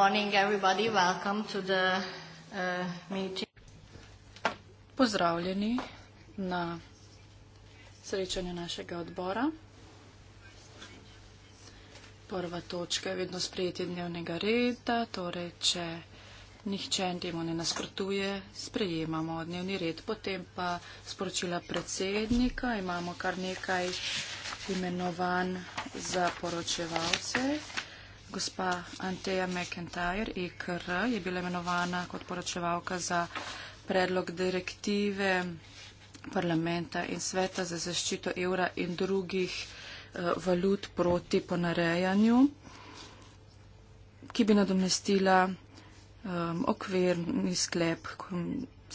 morning, everybody. Welcome to the uh, meeting. Pozdravljeni na srečanju našega odbora. Prva točka je vedno sprejetje dnevnega reda, torej če nihče temu ne nasprotuje, sprejemamo dnevni red. Potem pa sporočila predsednika, imamo kar nekaj imenovan za poročevalce. Gospa Anteja McIntyre, IKR, e je bila imenovana kot poročevalka za predlog direktive parlamenta in sveta za zaščito evra in drugih uh, valut proti ponarejanju, ki bi nadomestila um, okvirni sklep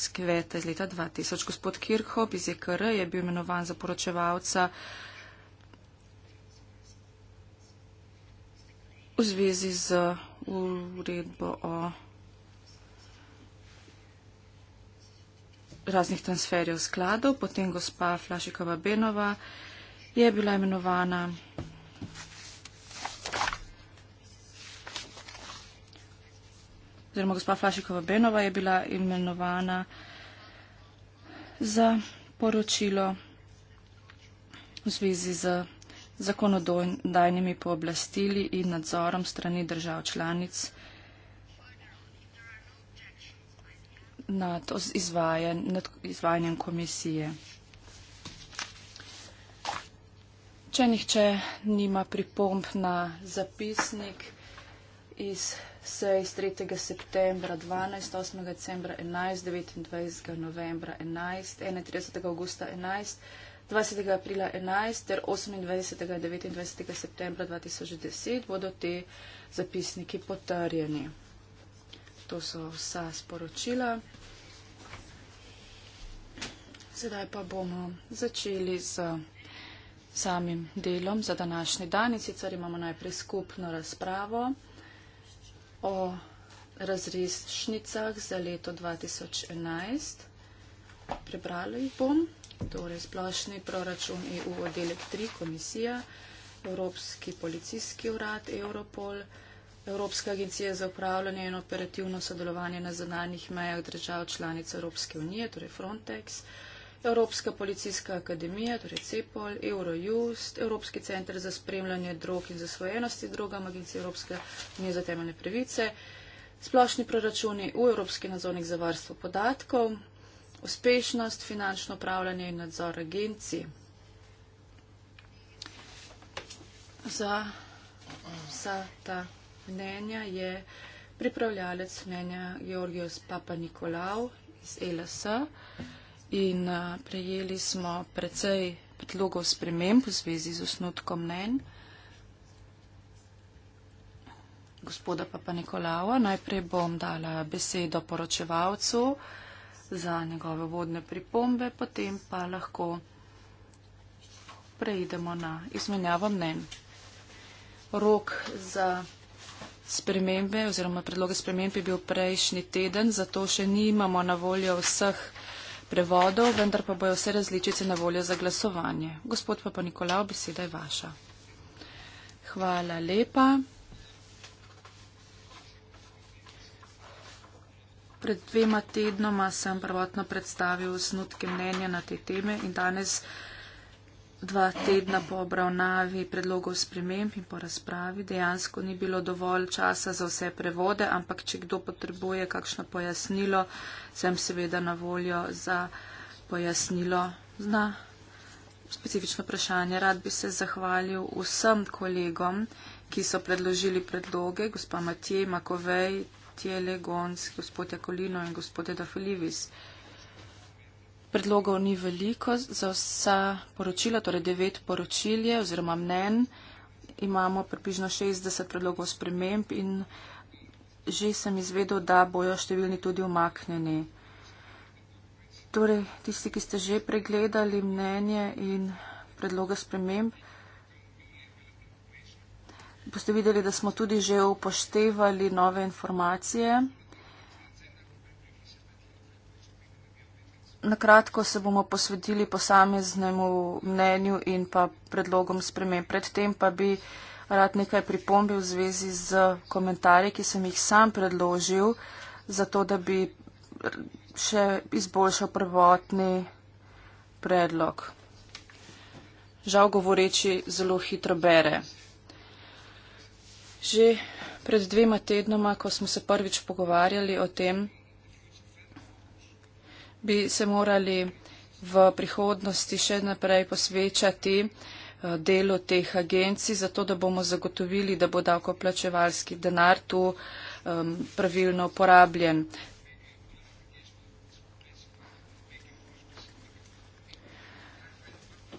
sveta iz leta 2000. Gospod Kirchhoff iz IKR e je bil imenovan za poročevalca uh, v zvezi z uredbo o raznih transferjev skladov. Potem gospa Flašikova Benova je bila imenovana oziroma gospa Flašikova Benova je bila imenovana za poročilo v zvezi z zakonodajnimi pooblastili in nadzorom strani držav članic nad izvajanjem komisije. Če nihče nima pripomb na zapisnik iz sej iz 3. septembra 12, 8. decembra 11, 29. novembra 11, 31. augusta 11, 20. aprila 2011 ter 28. in 29. septembra 2010 bodo te zapisniki potrjeni. To so vsa sporočila. Sedaj pa bomo začeli z samim delom za današnji dan in sicer imamo najprej skupno razpravo o razrešnicah za leto 2011. Prebrala jih bom torej splošni proračun EU oddelek 3, komisija, Evropski policijski urad, Europol, Evropska agencija za upravljanje in operativno sodelovanje na zadanjih mejah držav članic Evropske unije, torej Frontex, Evropska policijska akademija, torej CEPOL, Eurojust, Evropski center za spremljanje drog in zasvojenosti drogam, Agencija Evropske unije za temeljne pravice, splošni proračuni v e Evropski nadzornik za varstvo podatkov, uspešnost, finančno upravljanje in nadzor agencij. Za vsa ta mnenja je pripravljalec mnenja Georgios Papa Nikolaou iz e LS in prejeli smo precej predlogov sprememb v zvezi z osnutkom mnen gospoda Papa Nikolaua. Najprej bom dala besedo poročevalcu za njegove vodne pripombe, potem pa lahko preidemo na izmenjavo mnen. Rok za spremembe oziroma predloge sprememb je bil prejšnji teden, zato še nimamo na voljo vseh prevodov, vendar pa bojo vse različice na voljo za glasovanje. Gospod Papa Nikolao, beseda je vaša. Hvala lepa. Pred dvema tednoma sem prvotno predstavil snutke mnenja na te teme in danes dva tedna po obravnavi predlogov sprememb in po razpravi dejansko ni bilo dovolj časa za vse prevode, ampak če kdo potrebuje kakšno pojasnilo, sem seveda na voljo za pojasnilo na specifično vprašanje. Rad bi se zahvalil vsem kolegom, ki so predložili predloge, gospa Matije Makovej, Tele, Gons, gospod Jakolino in gospod Edafelivis. Predlogov ni veliko za vsa poročila, torej devet poročilje oziroma mnen. Imamo približno 60 predlogov sprememb in že sem izvedel, da bojo številni tudi umaknjeni. Torej, tisti, ki ste že pregledali mnenje in predloge sprememb, boste videli, da smo tudi že upoštevali nove informacije. Nakratko se bomo posvetili posameznemu mnenju in pa predlogom spreme. Predtem pa bi rad nekaj pripombil v zvezi z komentarji, ki sem jih sam predložil, zato da bi še izboljšal prvotni predlog. Žal govoreči zelo hitro bere. Že pred dvema tednoma, ko smo se prvič pogovarjali o tem, bi se morali v prihodnosti še naprej posvečati eh, delu teh agencij, zato da bomo zagotovili, da bo davkoplačevalski denar tu um, pravilno uporabljen.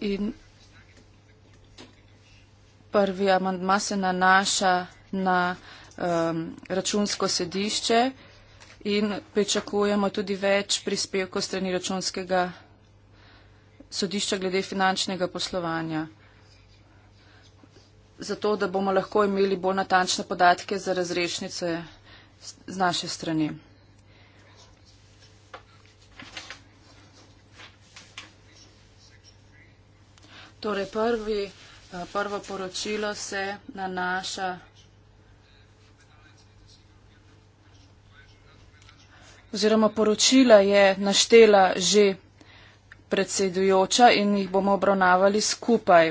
In prvi amandma se nanaša na um, računsko sedišče in pričakujemo tudi več prispevkov strani računskega sodišča glede finančnega poslovanja. Zato, da bomo lahko imeli bolj natančne podatke za razrešnice z naše strani. Torej, prvi, eh, prvo poročilo se nanaša oziroma poročila je naštela že predsedujoča in jih bomo obravnavali skupaj.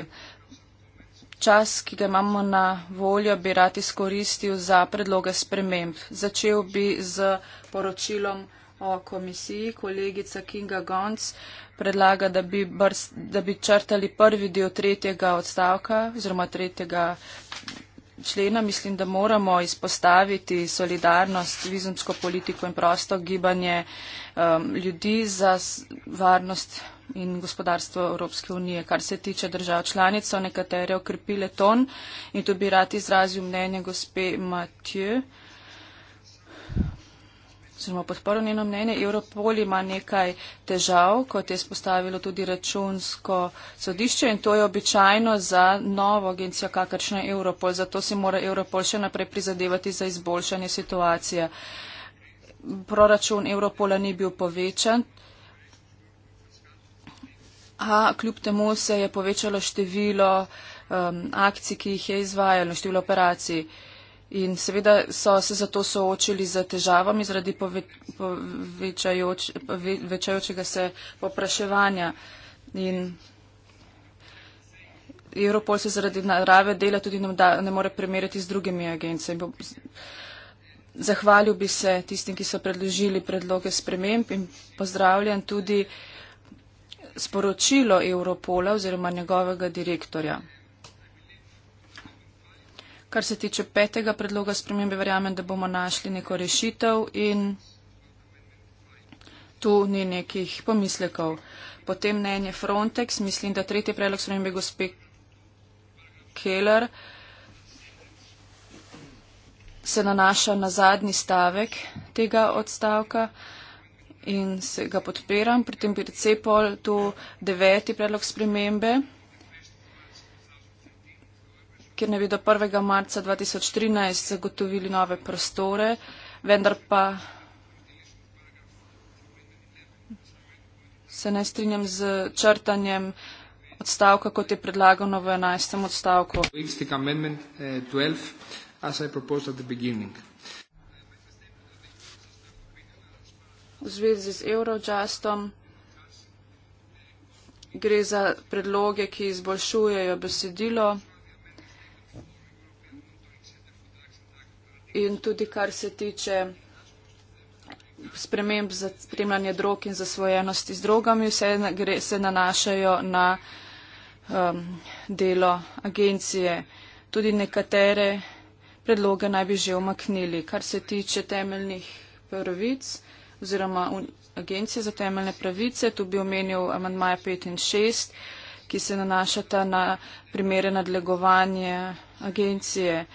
Čas, ki ga imamo na voljo, bi rad izkoristil za predloge sprememb. Začel bi z poročilom o komisiji. Kolegica Kinga Gonc predlaga, da bi, brz, da bi črtali prvi del tretjega odstavka oziroma tretjega člena mislim, da moramo izpostaviti solidarnost, vizumsko politiko in prosto gibanje um, ljudi za varnost in gospodarstvo Evropske unije. Kar se tiče držav članic, so nekatere okrepile ton in tu bi rad izrazil mnenje gospe Matjeu oziroma podporo njeno mnenje. Europol ima nekaj težav, kot je spostavilo tudi računsko sodišče in to je običajno za novo agencijo, kakršna je Europol. Zato si mora Europol še naprej prizadevati za izboljšanje situacije. Proračun Europola ni bil povečan. A kljub temu se je povečalo število um, akcij, ki jih je izvajalo, število operacij. Uh, In seveda so se zato soočili z težavami zaradi pove, povečajoč, pove, večajočega se popraševanja. In Europol se zaradi narave dela tudi ne, da, ne more primerjati z drugimi agencijami. Zahvalil bi se tistim, ki so predložili predloge sprememb in pozdravljam tudi sporočilo Europola oziroma njegovega direktorja. Kar se tiče petega predloga spremembe, verjamem, da bomo našli neko rešitev in tu ni nekih pomislekov. Potem mnenje Frontex, mislim, da tretji predlog spremembe gospe Keller se nanaša na zadnji stavek tega odstavka in se ga podpiram. Pri tem bi recepol tu deveti predlog spremembe kjer ne bi do 1. marca 2013 zagotovili nove prostore, vendar pa se ne strinjam z črtanjem odstavka, kot je predlagano v 11. odstavku. Eh, v zvezi z Eurojustom gre za predloge, ki izboljšujejo besedilo. in tudi kar se tiče sprememb za spremljanje drog in zasvojenosti z drogami, vse gre, se nanašajo na um, delo agencije. Tudi nekatere predloge naj bi že omaknili. Kar se tiče temeljnih pravic oziroma agencije za temeljne pravice, tu bi omenil amandmaja 5 in 6, ki se nanašata na primere nadlegovanja agencije. Uh,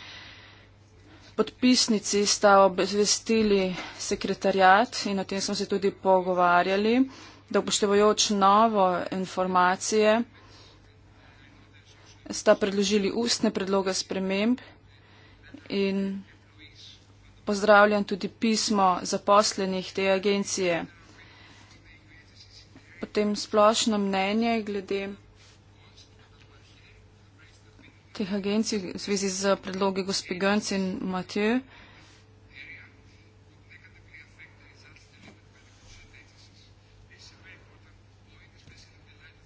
podpisnici sta obvestili sekretarjat in o tem smo se tudi pogovarjali, da upoštevajoč novo informacije sta predložili ustne predloge sprememb in pozdravljam tudi pismo zaposlenih te agencije. Potem splošno mnenje glede podatkih agencij v zvezi z predlogi gospe Gönc in Matej.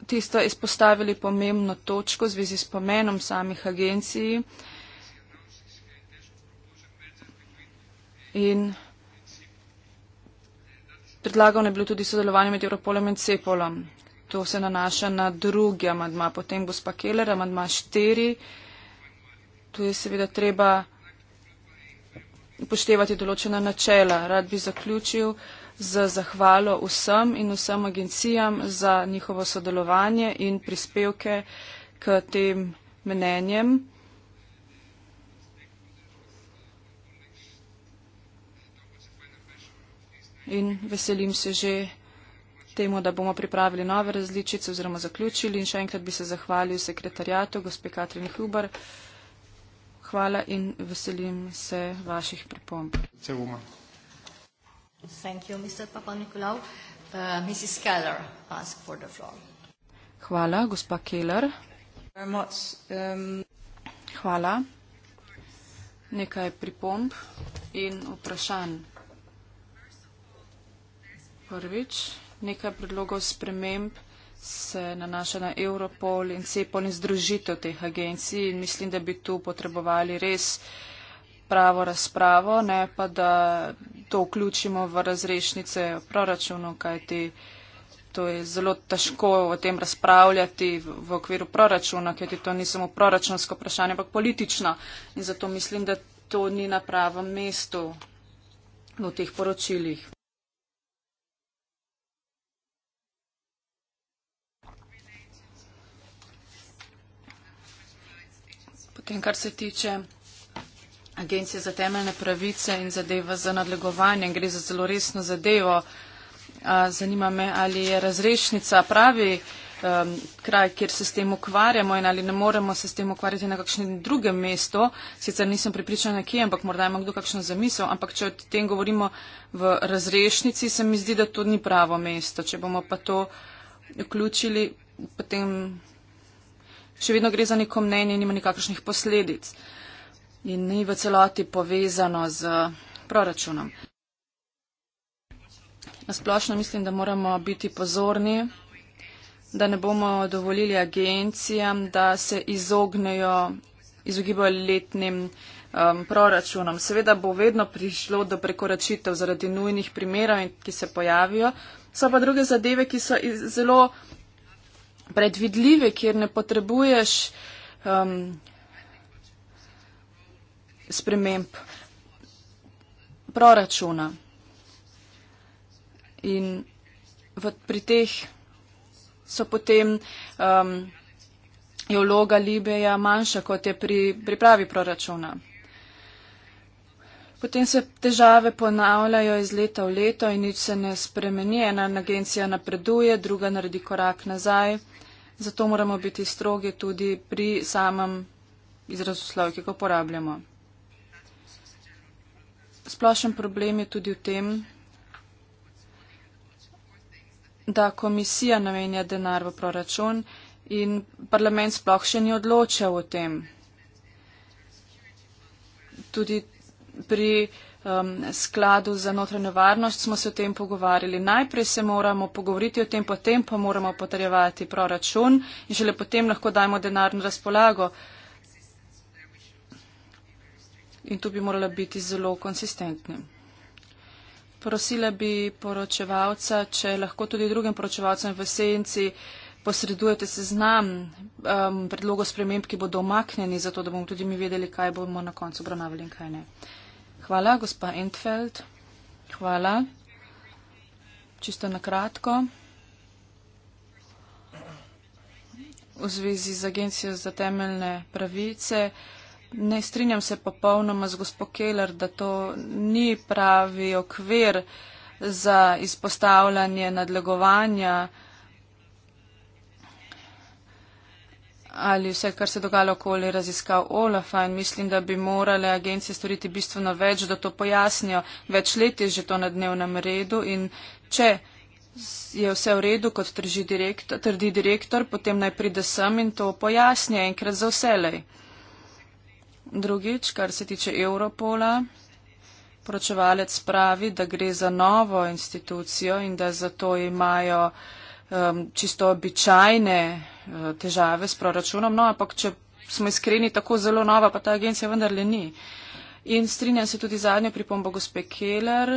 Ti sta izpostavili pomembno točko v zvezi s pomenom samih agencij in predlagano je bilo tudi sodelovanje med Europolom in Cepolom. To se nanaša na drugi amadma. Potem gospa Keller, amadma 4 tu je seveda treba upoštevati določena načela. Rad bi zaključil z zahvalo vsem in vsem agencijam za njihovo sodelovanje in prispevke k tem mnenjem. In veselim se že temu, da bomo pripravili nove različice oziroma zaključili. In še enkrat bi se zahvalil sekretarjatu, gospe Katrin Huber hvala in veselim se vaših pripomb. Vse uma. Thank you, Mr. Papanikolaou. Uh, Mrs. Keller ask for the floor. Hvala, gospa Keller. Um, hvala. Nekaj pripomb in vprašanj. Prvič, nekaj predlogov sprememb se nanaša na Europol in Cepol in združitev teh agencij. In mislim, da bi tu potrebovali res pravo razpravo, ne pa da to vključimo v razrešnice proračunov, kajti to je zelo težko o tem razpravljati v okviru proračuna, kajti to ni samo proračunsko vprašanje, ampak politično. In zato mislim, da to ni na pravem mestu v teh poročilih. Potem, kar se tiče Agencije za temeljne pravice in zadeva za nadlegovanje, gre za zelo resno zadevo. Zanima me, ali je razrešnica pravi um, kraj, kjer se s tem ukvarjamo in ali ne moremo se s tem ukvarjati na kakšnem drugem mestu. Sicer nisem pripričana, kje, ampak morda ima kdo kakšno zamisel. Ampak če o tem govorimo v razrešnici, se mi zdi, da to ni pravo mesto. Če bomo pa to vključili, potem še vedno gre za neko mnenje, nima nikakršnih posledic in ni v celoti povezano z proračunom. Nasplošno mislim, da moramo biti pozorni, da ne bomo dovolili agencijam, da se izognejo, izogibajo letnim um, proračunom. Seveda bo vedno prišlo do prekoračitev zaradi nujnih primerov, ki se pojavijo. So pa druge zadeve, ki so zelo predvidljive, kjer ne potrebuješ um, sprememb proračuna. In v, pri teh so potem um, je vloga Libeja manjša, kot je pri pripravi proračuna. Potem se težave ponavljajo iz leta v leto in nič se ne spremeni. Ena agencija napreduje, druga naredi korak nazaj. Zato moramo biti strogi tudi pri samem izrazoslovju, ki ga uporabljamo. Splošen problem je tudi v tem, da komisija namenja denar v proračun in parlament sploh še ni odločal o tem. Tudi pri um, skladu za notranjo varnost smo se o tem pogovarjali. Najprej se moramo pogovoriti o tem, potem pa moramo potrjevati proračun in šele potem lahko dajmo denar na razpolago. In tu bi morala biti zelo konsistentni. Prosila bi poročevalca, če lahko tudi drugim poročevalcem v senci posredujete seznam um, predlogov sprememb, ki bodo omaknjeni, zato da bomo tudi mi vedeli, kaj bomo na koncu obravnavali in kaj ne. Hvala, gospa Entfeld. Hvala. Čisto na kratko. V zvezi z Agencijo za temeljne pravice. Ne strinjam se popolnoma z gospod Keller, da to ni pravi okvir za izpostavljanje nadlegovanja uh, ali vse, kar se dogaja okoli raziskav Olafa in mislim, da bi morale agencije storiti bistveno več, da to pojasnijo. Več let je že to na dnevnem redu in če je vse v redu, kot direktor, trdi direktor, potem naj pride sem in to pojasnje enkrat za vselej. Drugič, kar se tiče Europola, pročevalec pravi, da gre za novo institucijo in da zato imajo um, čisto običajne Eh, težave s proračunom, no ampak če smo iskreni, tako zelo nova pa ta agencija vendarle ni. In strinjam se tudi zadnjo pripombo gospe Keller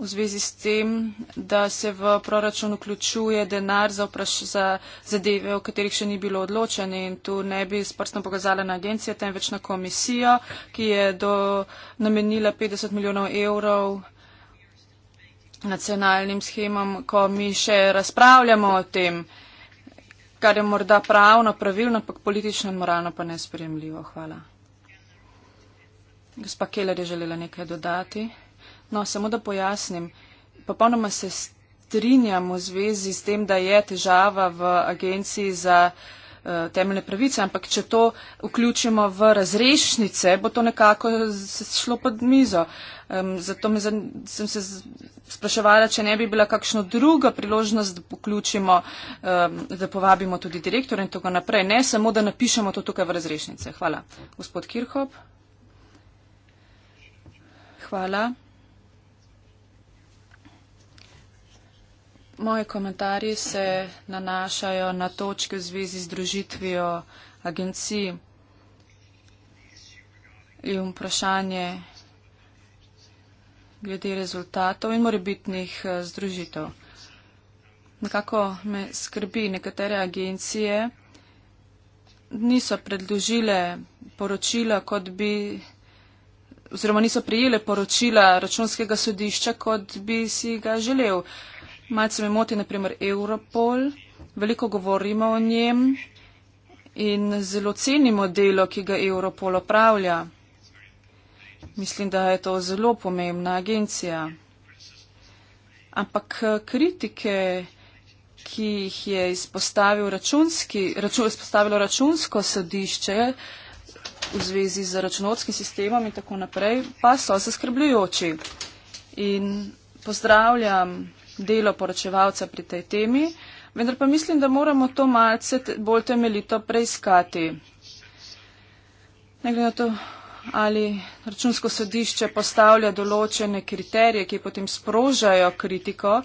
v zvezi s tem, da se v proračun vključuje denar za, vpraš, za zadeve, o katerih še ni bilo odločeno in tu ne bi s prstom pokazala na agencijo, temveč na komisijo, ki je do, namenila 50 milijonov evrov nacionalnim schemam, ko mi še razpravljamo o tem, kar je morda pravno, pravilno, pa politično in moralno pa nesprejemljivo. Hvala. Gospa Keller je želela nekaj dodati. No, samo da pojasnim. Popolnoma se strinjam v zvezi s tem, da je težava v agenciji za uh, Eh, temeljne pravice, ampak če to vključimo v razrešnice, bo to nekako šlo pod mizo. Um, zato me, sem se spraševala, če ne bi bila kakšna druga priložnost, da vključimo, um, da povabimo tudi direktor in tako naprej. Ne samo, da napišemo to tukaj v razrešnice. Hvala. Gospod Kirhop. Hvala. moji komentarji se nanašajo na točke v zvezi z družitvijo agencij in vprašanje glede rezultatov in morebitnih eh, združitev. Nekako me skrbi, nekatere agencije niso predložile poročila, kot bi oziroma niso prijele poročila računskega sodišča, kot bi si ga želel. Malce me moti naprimer Europol, veliko govorimo o njem in zelo cenimo delo, ki ga Europol opravlja. Mislim, da je to zelo pomembna agencija. Ampak eh, kritike, ki jih je izpostavil računski, račun, izpostavilo računsko sodišče v zvezi z računovskim sistemom in tako naprej, pa so zaskrbljujoči. In pozdravljam delo poročevalca pri tej temi, vendar pa mislim, da moramo to malce bolj temeljito preiskati. Ne glede na to, ali računsko sodišče postavlja določene kriterije, ki potem sprožajo kritiko,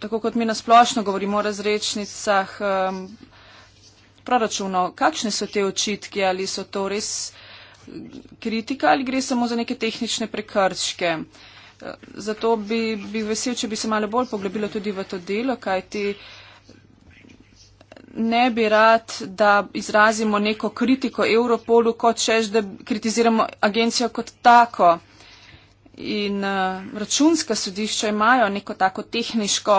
tako kot mi nasplošno govorimo o razrečnicah um, proračunov, kakšne so te očitki, ali so to res um, kritika ali gre samo za neke tehnične prekrške. Uh, Zato bi bil vesel, če bi se malo bolj poglobila tudi v to delo, kajti ne bi rad, da izrazimo neko kritiko Europolu, kot češ, da kritiziramo agencijo kot tako. In uh, računska sodišča imajo neko tako tehniško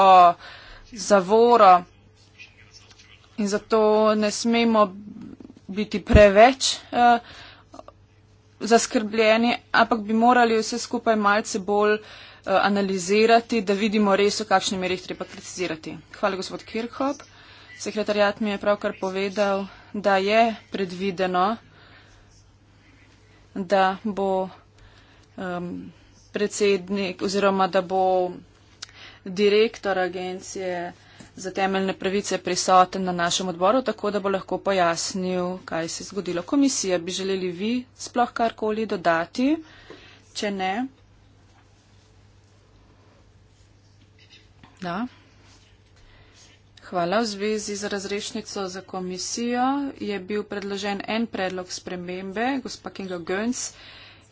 zavoro in zato ne smemo biti preveč. Uh, zaskrbljeni, ampak bi morali vse skupaj malce bolj eh, analizirati, da vidimo res, v kakšni meri jih treba precizirati. Hvala, gospod Kirchhoff. Sekretarjat mi je pravkar povedal, da je predvideno, da bo um, predsednik oziroma da bo direktor agencije za temeljne pravice prisoten na našem odboru, tako da bo lahko pojasnil, kaj se je zgodilo. Komisija, bi želeli vi sploh karkoli dodati? Če ne. Da. Hvala. V zvezi z razrešnico za komisijo je bil predložen en predlog spremembe. Gospa Kinga Gönc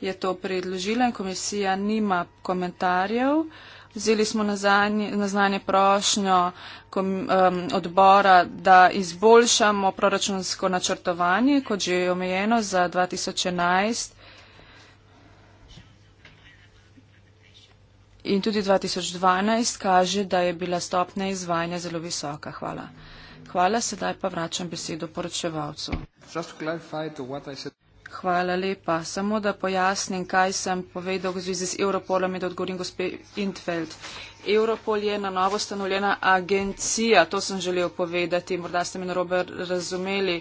je to predložila in komisija nima komentarjev. Vzeli smo na znanje prošnjo odbora, da izboljšamo proračunsko načrtovanje, kot že je omejeno za 2011 in tudi 2012 kaže, da je bila stopna izvajanja zelo visoka. Hvala. Hvala, sedaj pa vračam besedo poročevalcu. Hvala lepa. Samo da pojasnim, kaj sem povedal v zvezi z Europolom in da odgovorim gospe Intfeld. Europol je na novo stanovljena agencija, to sem želel povedati, morda ste me narobe razumeli.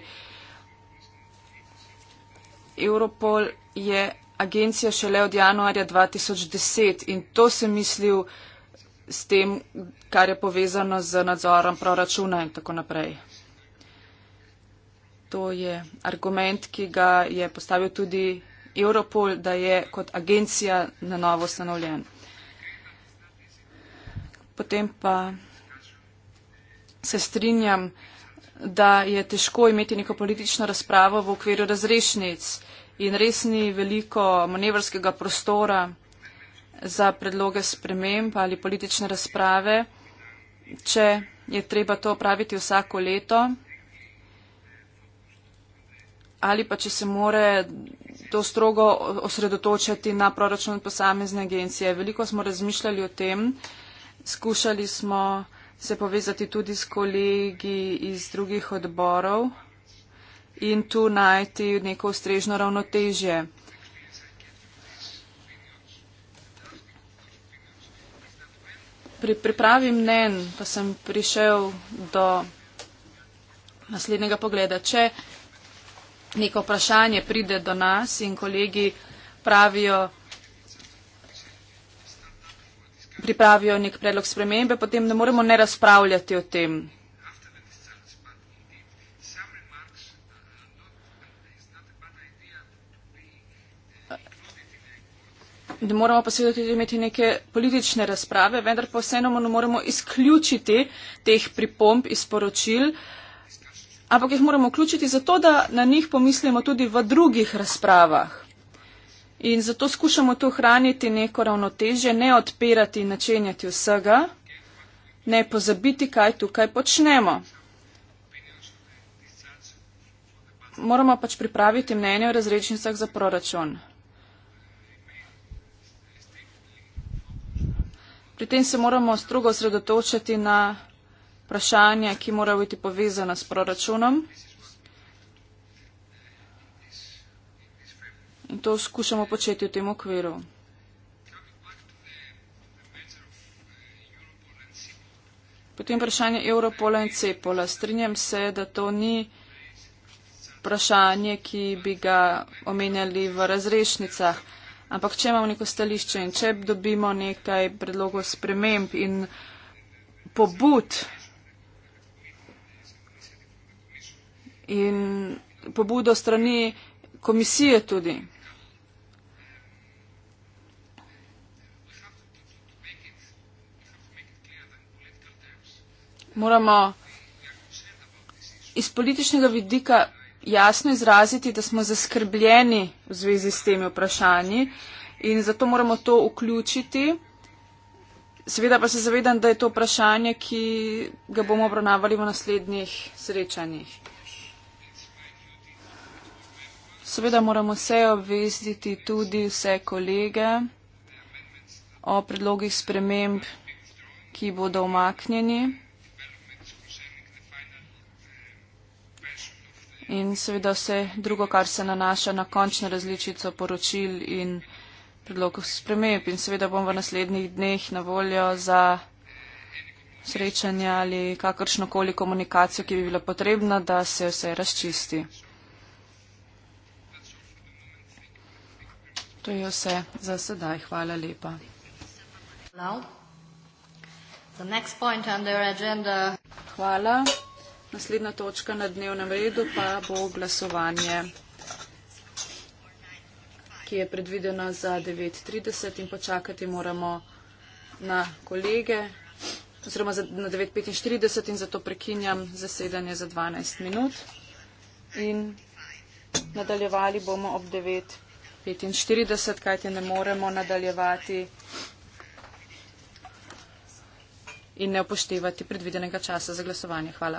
Europol je agencija šele od januarja 2010 in to sem mislil s tem, kar je povezano z nadzorom proračuna in tako naprej to je argument, ki ga je postavil tudi Europol, da je kot agencija na novo ustanovljen. Potem pa se strinjam, da je težko imeti neko politično razpravo v okviru razrešnic in res ni veliko manevrskega prostora za predloge sprememb ali politične razprave, če je treba to praviti vsako leto ali pa če se more to strogo osredotočiti na proračun posamezne agencije. Veliko smo razmišljali o tem, skušali smo se povezati tudi s kolegi iz drugih odborov in tu najti neko ustrežno ravnotežje. Pri pripravi mnen pa sem prišel do naslednjega pogleda. Če neko vprašanje pride do nas in kolegi pravijo, pripravijo nek predlog spremembe, potem ne moremo ne razpravljati o tem. Ne moramo pa seveda tudi imeti neke politične razprave, vendar pa vseeno ne moremo izključiti teh pripomb iz poročil. Uh, ampak jih moramo vključiti zato, da na njih pomislimo tudi v drugih razpravah. In zato skušamo tu hraniti neko ravnotežje, ne odpirati in načenjati vsega, ne pozabiti, kaj tukaj počnemo. Moramo pač pripraviti mnenje o razrečnicah za proračun. Pri tem se moramo strogo osredotočiti na vprašanja, ki morajo biti povezana s proračunom. In to skušamo početi v tem okviru. Potem vprašanje Evropola in Cepola. Strinjam se, da to ni vprašanje, ki bi ga omenjali v razrešnicah. Ampak če imamo neko stališče in če dobimo nekaj predlogov sprememb in pobud in pobudo strani komisije tudi. Moramo iz političnega vidika jasno izraziti, da smo zaskrbljeni v zvezi s temi vprašanji in zato moramo to vključiti. Seveda pa se zavedam, da je to vprašanje, ki ga bomo obravnavali v naslednjih srečanjih. Seveda moramo se obvestiti tudi vse kolege o predlogih sprememb, ki bodo omaknjeni. In seveda vse drugo, kar se nanaša na končno različico poročil in predlogov sprememb. In seveda bom v naslednjih dneh na voljo za srečanje ali kakršnokoli komunikacijo, ki bi bila potrebna, da se vse razčisti. To je vse za sedaj. Hvala lepa. Hvala. Naslednja točka na dnevnem redu pa bo glasovanje, ki je predvideno za 9.30 in počakati moramo na kolege, oziroma na 9.45 in zato prekinjam zasedanje za 12 minut. In nadaljevali bomo ob 9.50. 45, kajti ne moremo nadaljevati in ne upoštevati predvidenega časa za glasovanje. Hvala.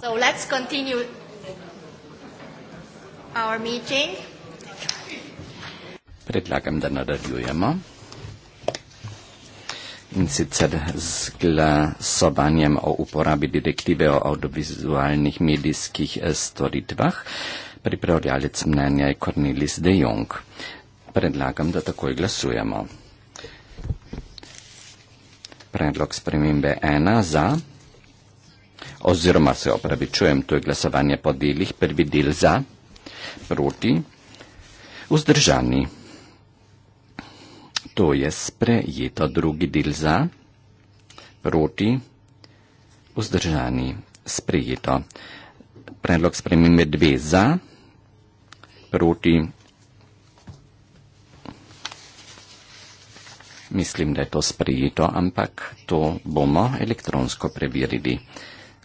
So let's continue our meeting. Predlagam, da nadaljujemo in sicer z glasovanjem o uporabi direktive o audiovizualnih medijskih eh, storitvah. Pripravljalec mnenja je Cornelis de Jong. Predlagam, da takoj glasujemo. Predlog spremembe 1 za. Oziroma se opravičujem, to je glasovanje po delih. Prvi del za, proti, vzdržani. To je sprejeto. Drugi del za, proti, vzdržani. Sprejeto. Predlog spremembe dve za, proti. Mislim, da je to sprejeto, ampak to bomo elektronsko preverili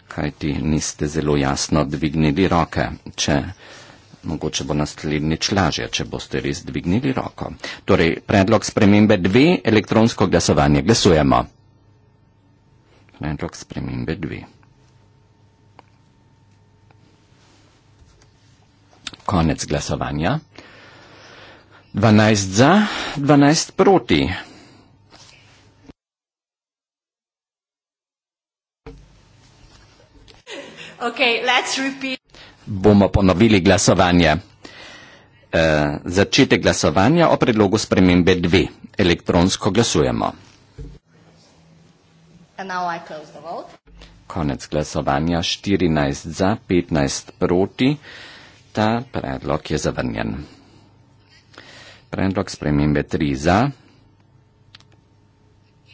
kajti niste zelo jasno dvignili roke. Če Mogoče bo naslednjič lažje, če boste res dvignili roko. Torej, predlog spremembe dve, elektronsko glasovanje. Glasujemo. Predlog spremembe dve. Konec glasovanja. 12 za, 12 proti. Okay, let's repeat. Bomo ponovili glasovanje. E, eh, začete glasovanje o predlogu spremembe 2. Elektronsko glasujemo. And now I close the vote. Konec glasovanja 14 za, 15 proti. Ta predlog je zavrnjen. Predlog spremembe 3 za,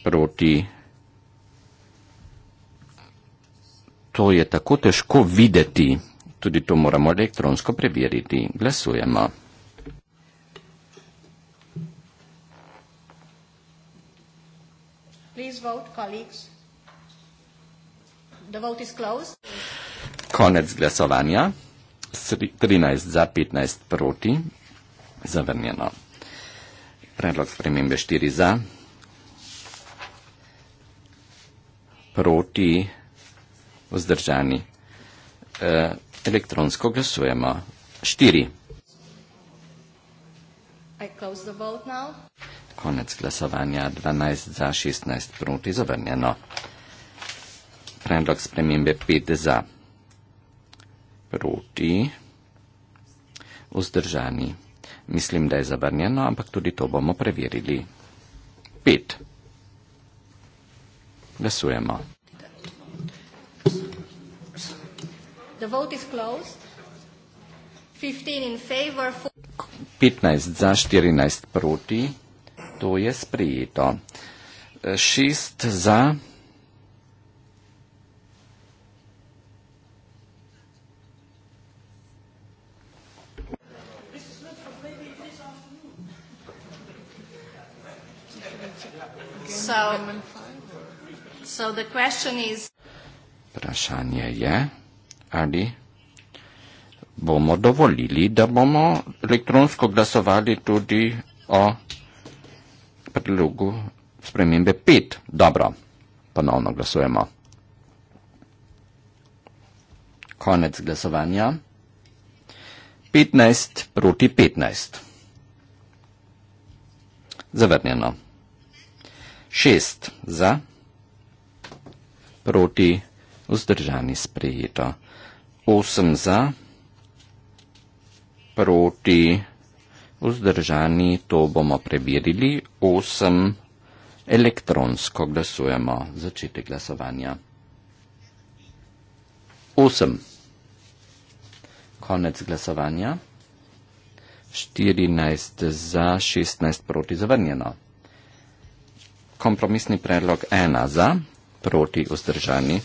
proti to je tako težko videti. Tudi to moramo elektronsko preveriti. Glasujemo. Konec glasovanja. 13 za 15 proti. Zavrnjeno. Predlog spremembe 4 za. Proti vzdržani. E, elektronsko glasujemo. Štiri. Konec glasovanja 12 za 16 proti zavrnjeno. Predlog spremembe 5 za proti vzdržani. Mislim, da je zavrnjeno, ampak tudi to bomo preverili. 5. Glasujemo. The vote is closed. 15 in favor. 15 za, 14 proti. To je sprejeto. 6 za. So, so the question is. Vprašanje je ali bomo dovolili, da bomo elektronsko glasovali tudi o predlogu spremembe 5. Dobro, ponovno glasujemo. Konec glasovanja. 15 proti 15. Zavrnjeno. 6 za proti 15 vzdržani sprejeto. 8 za, proti, vzdržani, to bomo preverili. 8 elektronsko glasujemo. Začetek glasovanja. 8. Konec glasovanja. 14 za, 16 proti zavrnjeno. Kompromisni predlog 1 za, proti vzdržani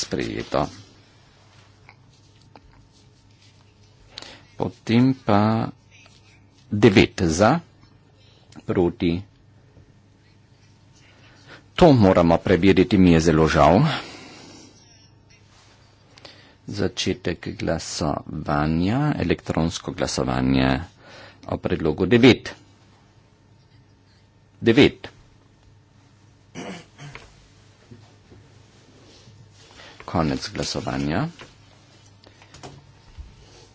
sprejeto. Potem pa 9 za, proti. To moramo preveriti, mi je zelo žal. Začetek glasovanja, elektronsko glasovanje o predlogu 9. 9. konec glasovanja.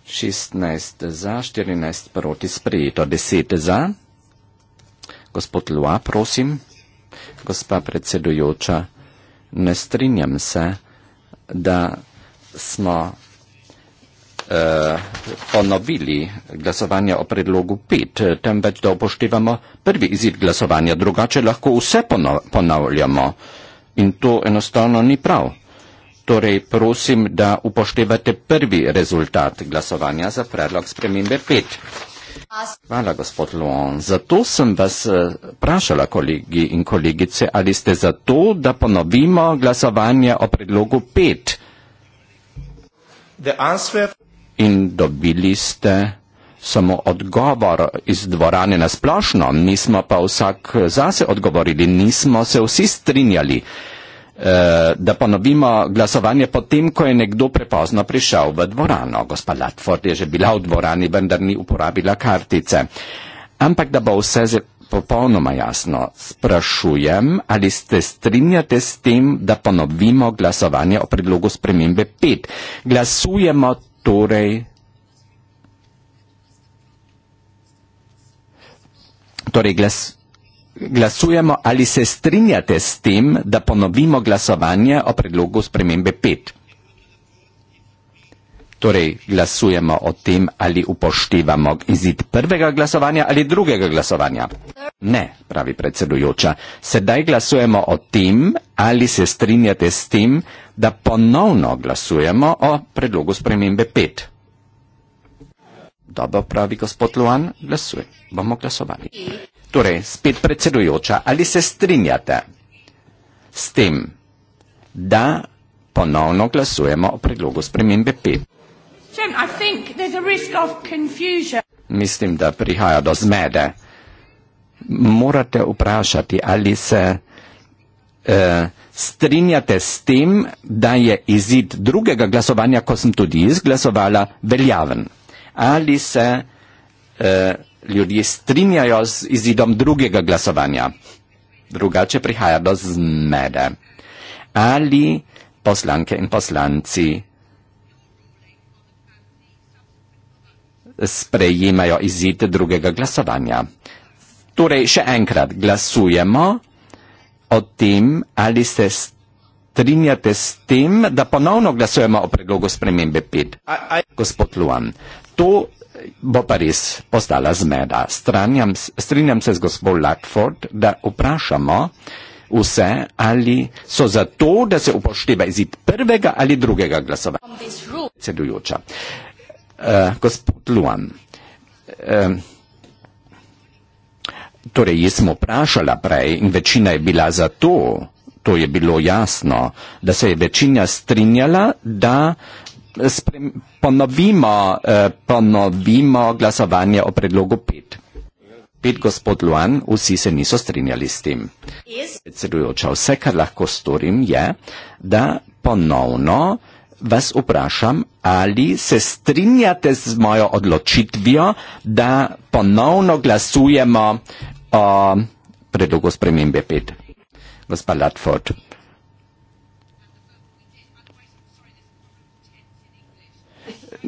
16 za, 14 proti, sprejeto 10 za. Gospod Lua, prosim. Gospa predsedujoča, ne strinjam se, da smo eh, ponovili glasovanje o predlogu 5, temveč da upoštevamo prvi izid glasovanja, drugače lahko vse ponavljamo. In to enostavno ni prav. Torej prosim, da upoštevate prvi rezultat glasovanja za predlog spremembe 5. Hvala, gospod Luon. Zato sem vas eh, vprašala, kolegi in kolegice, ali ste za to, da ponovimo glasovanje o predlogu 5. In dobili ste samo odgovor iz dvorane na splošno, nismo pa vsak eh, zase odgovorili, nismo se vsi strinjali. Eh, da ponovimo glasovanje potem, ko je nekdo prepozno prišel v dvorano. Gospa Latford je že bila v dvorani, vendar ni uporabila kartice. Ampak da bo vse popolnoma jasno, sprašujem, ali ste strinjate s tem, da ponovimo glasovanje o predlogu spremembe 5. Glasujemo torej. Torej, glas, glasujemo, ali se strinjate s tem, da ponovimo glasovanje o predlogu spremembe 5. Torej, glasujemo o tem, ali upoštevamo izid prvega glasovanja ali drugega glasovanja. Ne, pravi predsedujoča. Sedaj glasujemo o tem, ali se strinjate s tem, da ponovno glasujemo o predlogu spremembe 5. Dobro, pravi gospod Luan, glasuj. Bomo glasovali. Torej, spet predsedujoča, ali se strinjate s tem, da ponovno glasujemo o predlogu spremembe 5? Mislim, da prihaja do zmede. Morate vprašati, ali se eh, strinjate s tem, da je izid drugega glasovanja, ko sem tudi izglasovala, veljaven. Ali se eh, ljudje strinjajo z izidom drugega glasovanja. Drugače prihaja do zmede. Ali poslanke in poslanci sprejemajo izid drugega glasovanja. Torej, še enkrat, glasujemo o tem, ali se strinjate s tem, da ponovno glasujemo o predlogu spremembe 5. Gospod Luan, to bo pa res postala zmeda. Stranjam, strinjam se z gospod Latford, da vprašamo vse, ali so za to, da se upošteva izid prvega ali drugega glasovanja. Predsedujoča. Uh, gospod Luan. Uh, Torej, jaz sem vprašala prej in večina je bila za to, to je bilo jasno, da se je večina strinjala, da sprem, ponovimo, eh, ponovimo glasovanje o predlogu pet. Pet gospod Luan, vsi se niso strinjali s tem. Predsedujoča, vse, kar lahko storim, je, da ponovno vas vprašam, ali se strinjate z mojo odločitvijo, da ponovno glasujemo o predlogu spremembe pet. Gospod Latford.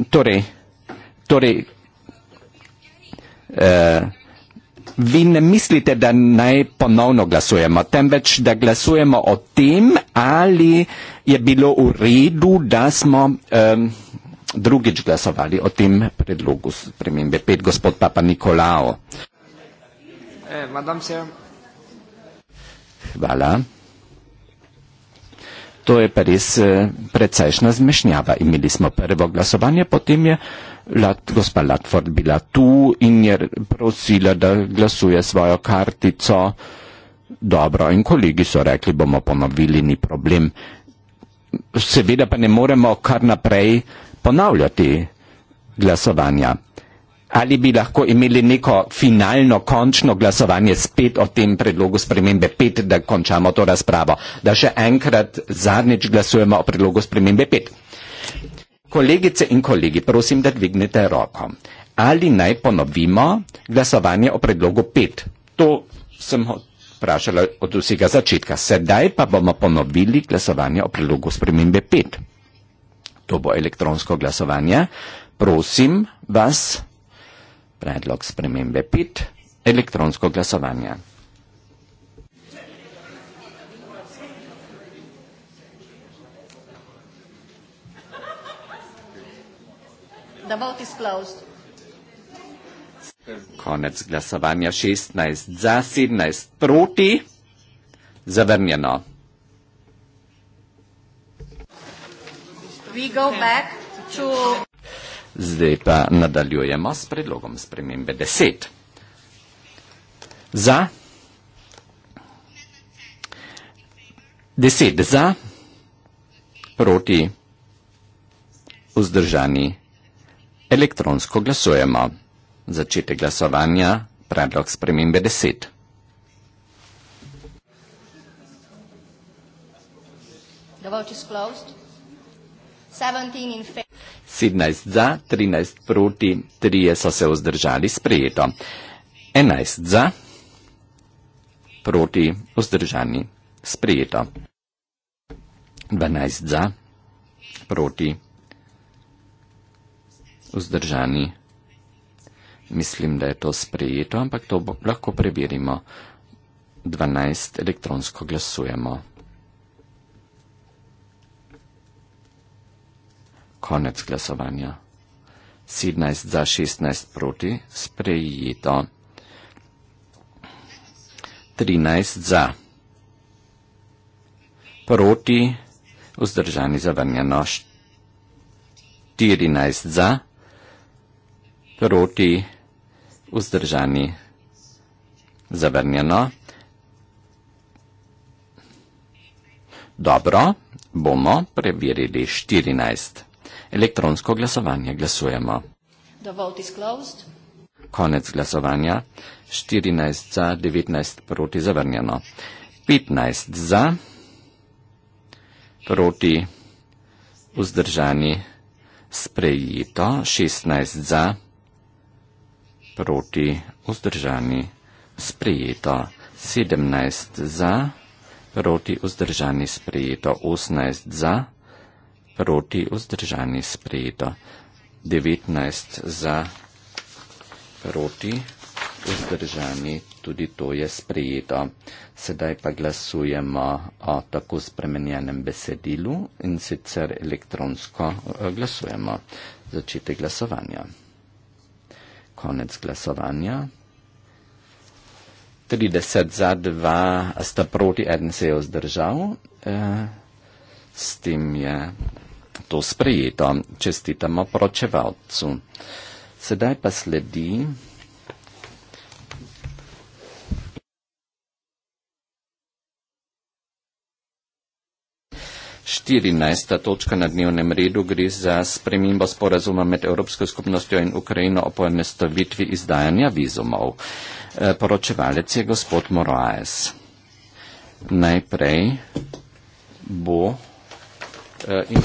torej, torej uh, vi ne mislite, da naj ponovno glasujemo, temveč da glasujemo o tem, ali je bilo v redu, da smo um, drugič glasovali o tem predlogu spremembe. Pet gospod Papa Nikolao. Eh, Hvala to je pa res eh, precejšna zmešnjava. Imeli smo prvo glasovanje, potem je Lat, gospa Latford bila tu in je prosila, da glasuje svojo kartico. Dobro, in kolegi so rekli, bomo ponovili, ni problem. Seveda pa ne moremo kar naprej ponavljati glasovanja. Ali bi lahko imeli neko finalno, končno glasovanje spet o tem predlogu spremembe 5, da končamo to razpravo, da še enkrat zadnjič glasujemo o predlogu spremembe 5. Kolegice in kolegi, prosim, da dvignete roko. Ali naj ponovimo glasovanje o predlogu 5? To sem vprašala od vsega začetka. Sedaj pa bomo ponovili glasovanje o predlogu spremembe 5. To bo elektronsko glasovanje. Prosim vas, predlog spremembe PIT, elektronsko glasovanje. Konec glasovanja 16 za 17 proti zavrnjeno. Zdaj pa nadaljujemo s predlogom spremembe 10. Za 10 za, proti vzdržani elektronsko glasujemo. Začete glasovanja, predlog spremembe 10. The vote is closed. 17 in 15. 17 za, 13 proti, 3 so se vzdržali sprejeto. 11 za, proti, vzdržani sprejeto. 12 za, proti, vzdržani. Mislim, da je to sprejeto, ampak to lahko preverimo. 12 elektronsko glasujemo. konec glasovanja. 17 za 16 proti, sprejeto. 13 za. Proti, vzdržani zavrnjeno. 14 za. Proti, vzdržani zavrnjeno. Dobro, bomo preverili 14 elektronsko glasovanje glasujemo. Konec glasovanja. 14 za, 19 proti zavrnjeno. 15 za, proti vzdržani sprejeto. 16 za, proti vzdržani sprejeto. 17 za, proti vzdržani sprejeto. 18 za proti vzdržani sprejeto. 19 za proti vzdržani, tudi to je sprejeto. Sedaj pa glasujemo o tako spremenjenem besedilu in sicer elektronsko eh, glasujemo. Začite glasovanja. Konec glasovanja. 30 za 2 sta proti, eden se je vzdržal. E, s tem je to sprejeto. Čestitamo poročevalcu. Sedaj pa sledi. Štirinajsta točka na dnevnem redu gre za spremembo sporazuma med Evropsko skupnostjo in Ukrajino o poenostavitvi izdajanja vizumov. E, poročevalec je gospod Moraes. Najprej bo Eh, in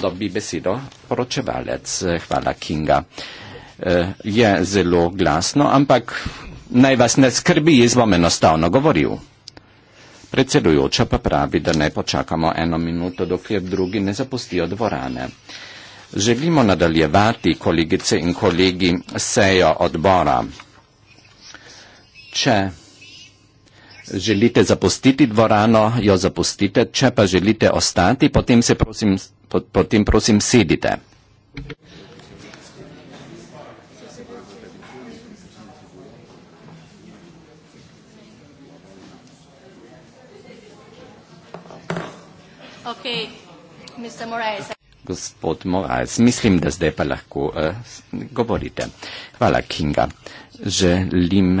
dobi besedo poročevalec. Eh, hvala, Kinga. Eh, je zelo glasno, ampak naj vas ne skrbi, jaz bom enostavno govoril. Predsedujoča pa pravi, da ne počakamo eno minuto, dokler drugi ne zapustijo dvorane. Želimo nadaljevati, kolegice in kolegi, sejo odbora. Če Želite zapustiti dvorano, jo zapustite, če pa želite ostati, potem se prosim, po, potem prosim sedite. Okay. Morales. Gospod Morales, mislim, da zdaj pa lahko uh, govorite. Hvala, Kinga. Želim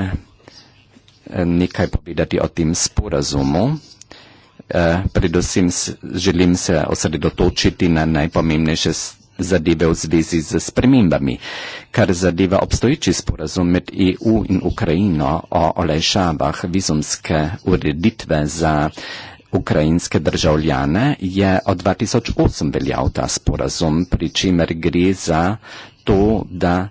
nekaj povedati o tem sporazumu. Eh, predvsem želim se osredotočiti na najpomembnejše zadeve v zvezi z spremembami, kar zadeva obstoječi sporazum med EU in Ukrajino o olajšavah vizumske ureditve za ukrajinske državljane, je od 2008 veljal ta sporazum, pri čemer gre za to, da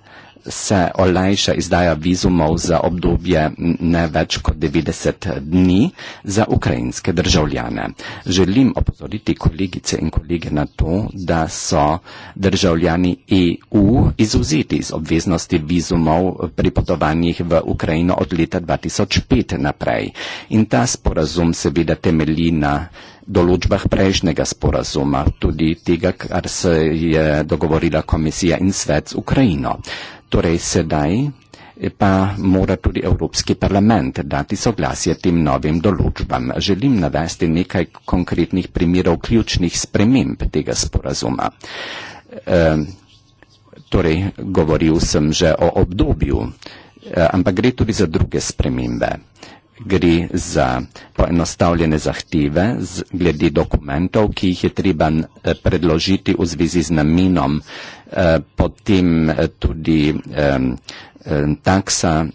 se olajša izdaja vizumov za obdobje ne več kot 90 dni za ukrajinske državljane. Želim opozoriti kolegice in kolege na to, da so državljani EU izuzeti iz obveznosti vizumov pri potovanjih v Ukrajino od leta 2005 naprej. In ta sporazum seveda temelji na določbah prejšnjega sporazuma, tudi tega, kar se je dogovorila komisija in svet z Ukrajino torej sedaj pa mora tudi Evropski parlament dati soglasje tem novim določbam. Želim navesti nekaj konkretnih primerov ključnih sprememb tega sporazuma. E, torej, govoril sem že o obdobju, e, ampak gre tudi za druge spremembe. E, gre za poenostavljene zahteve z, glede dokumentov, ki jih je treba eh, predložiti v zvezi z namenom, eh, potem eh, tudi eh, taksa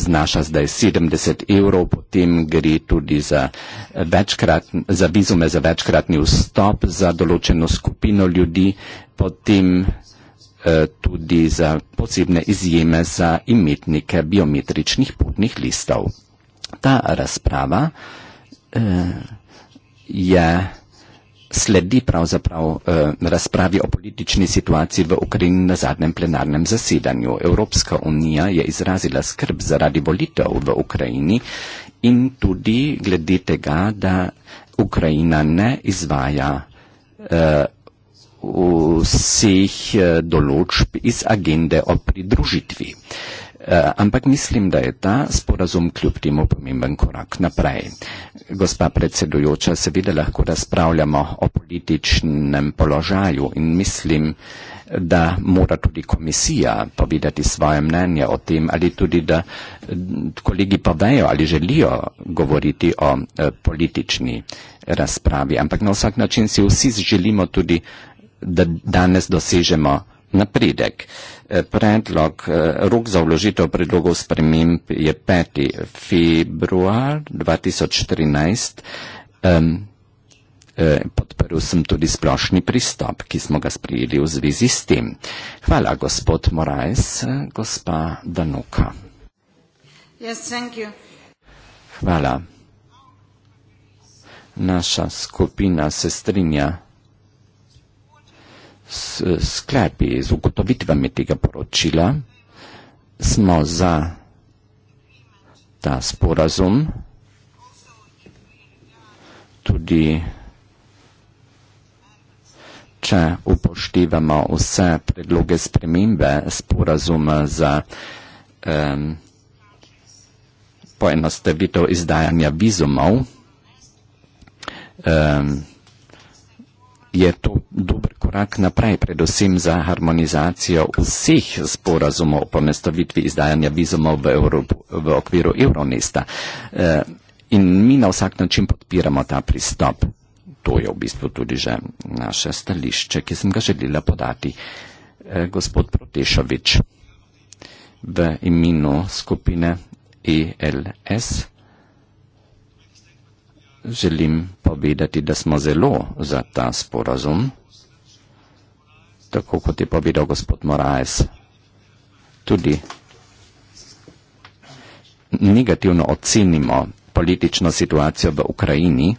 znaša zdaj 70 evrov, potem gre tudi za, eh, večkrat, za vizume za večkratni vstop za določeno skupino ljudi, potem eh, tudi za posebne izjeme za imetnike biometričnih potnih listov ta razprava eh, je sledi pravzaprav eh, razpravi o politični situaciji v Ukrajini na zadnjem plenarnem zasedanju. Evropska unija je izrazila skrb zaradi volitev v Ukrajini in tudi glede tega, da Ukrajina ne izvaja eh, vseh eh, določb iz agende o pridružitvi. Eh, Eh, ampak mislim, da je ta sporazum kljub temu pomemben korak naprej. Gospa predsedujoča, seveda lahko razpravljamo o političnem položaju in mislim, da mora tudi komisija povedati svoje mnenje o tem ali tudi, da eh, kolegi povejo ali želijo govoriti o eh, politični razpravi. Ampak na vsak način si vsi želimo tudi, da danes dosežemo napredek. Eh, predlog, eh, rok za vložitev predlogov sprememb je 5. februar 2013. Eh, podprl sem tudi splošni pristop, ki smo ga sprijeli v zvezi s tem. Hvala, gospod Morajs, gospa Danuka. Yes, Hvala. Naša skupina se strinja s sklepi, z ugotovitvami tega poročila, smo za ta sporazum tudi če upoštevamo vse predloge spremembe sporazuma za um, poenostavitev izdajanja vizumov, um, je to dober korak naprej, predvsem za harmonizacijo vseh sporazumov o pomestavitvi izdajanja vizumov v, Evropu, v okviru Euronesta. E, in mi na vsak način podpiramo ta pristop. To je v bistvu tudi že naše stališče, ki sem ga želela podati. E, gospod Protešovič, v imenu skupine ELS želim povedati, da smo zelo za ta sporazum, tako kot je povedal gospod Moraes, tudi negativno ocenimo politično situacijo v Ukrajini.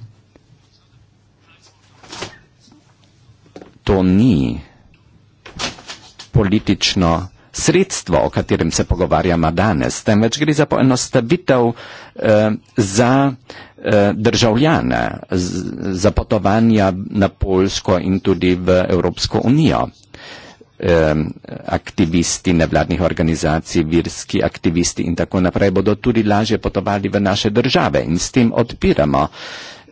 To ni politično sredstvo, o katerem se pogovarjamo danes, temveč gre za poenostavitev eh, za eh, državljane, z, za potovanja na Polsko in tudi v Evropsko unijo. Eh, aktivisti nevladnih organizacij, virski aktivisti in tako naprej bodo tudi lažje potovali v naše države in s tem odpiramo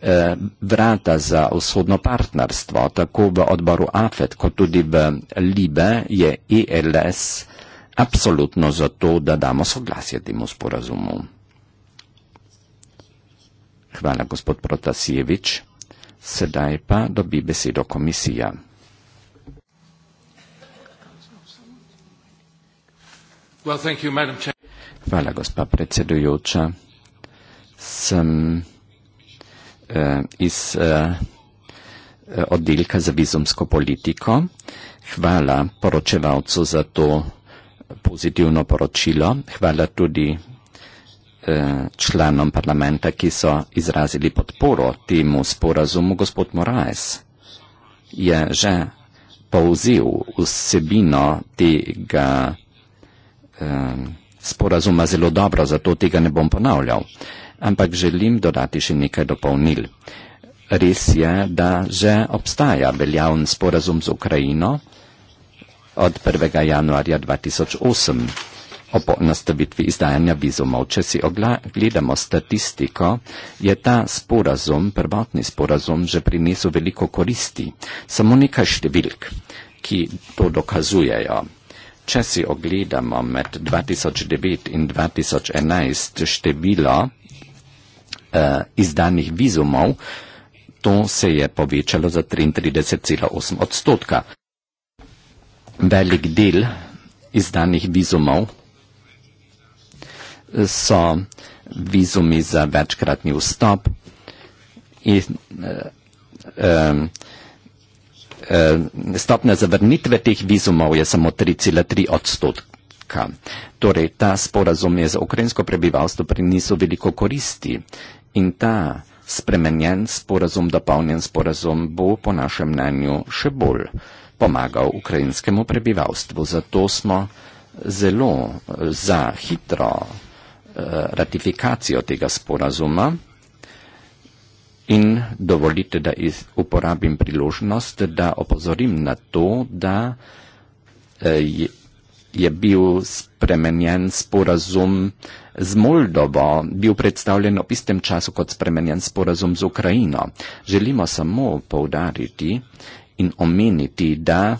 eh, vrata za vzhodno partnerstvo, tako v odboru AFET, kot tudi v LIBE, je ELS absolutno za to, da damo soglasje temu sporazumu. Hvala, gospod Protasijevič. Sedaj pa dobi besedo komisija. Well, you, Hvala, gospa predsedujoča. Sem eh, iz eh, oddelka za vizumsko politiko. Hvala poročevalcu za to pozitivno poročilo. Hvala tudi eh, članom parlamenta, ki so izrazili podporo temu sporazumu. Gospod Moraes je že povzel vsebino tega eh, sporazuma zelo dobro, zato tega ne bom ponavljal. Ampak želim dodati še nekaj dopolnil. Res je, da že obstaja veljavn sporazum z Ukrajino, od 1. januarja 2008. O ponastavitvi izdajanja vizumov, če si ogledamo statistiko, je ta sporazum, prvotni sporazum, že prinesel veliko koristi. Samo nekaj številk, ki to dokazujejo. Če si ogledamo med 2009 in 2011 število eh, izdanih vizumov, to se je povečalo za 33,8 odstotka velik del izdanih vizumov so vizumi za večkratni vstop in uh, um, Stopnja zavrnitve teh vizumov je samo 3,3 odstotka. Torej, ta sporazum je za ukrajinsko prebivalstvo prinesel veliko koristi in ta spremenjen sporazum, dopolnjen sporazum bo po našem mnenju še bolj uh, pomagal ukrajinskemu prebivalstvu. Zato smo zelo eh, za hitro eh, ratifikacijo tega sporazuma in dovolite, da uporabim priložnost, da opozorim na to, da eh, je bil spremenjen sporazum z Moldovo, bil predstavljen ob istem času kot spremenjen sporazum z Ukrajino. Želimo samo poudariti, in omeniti, da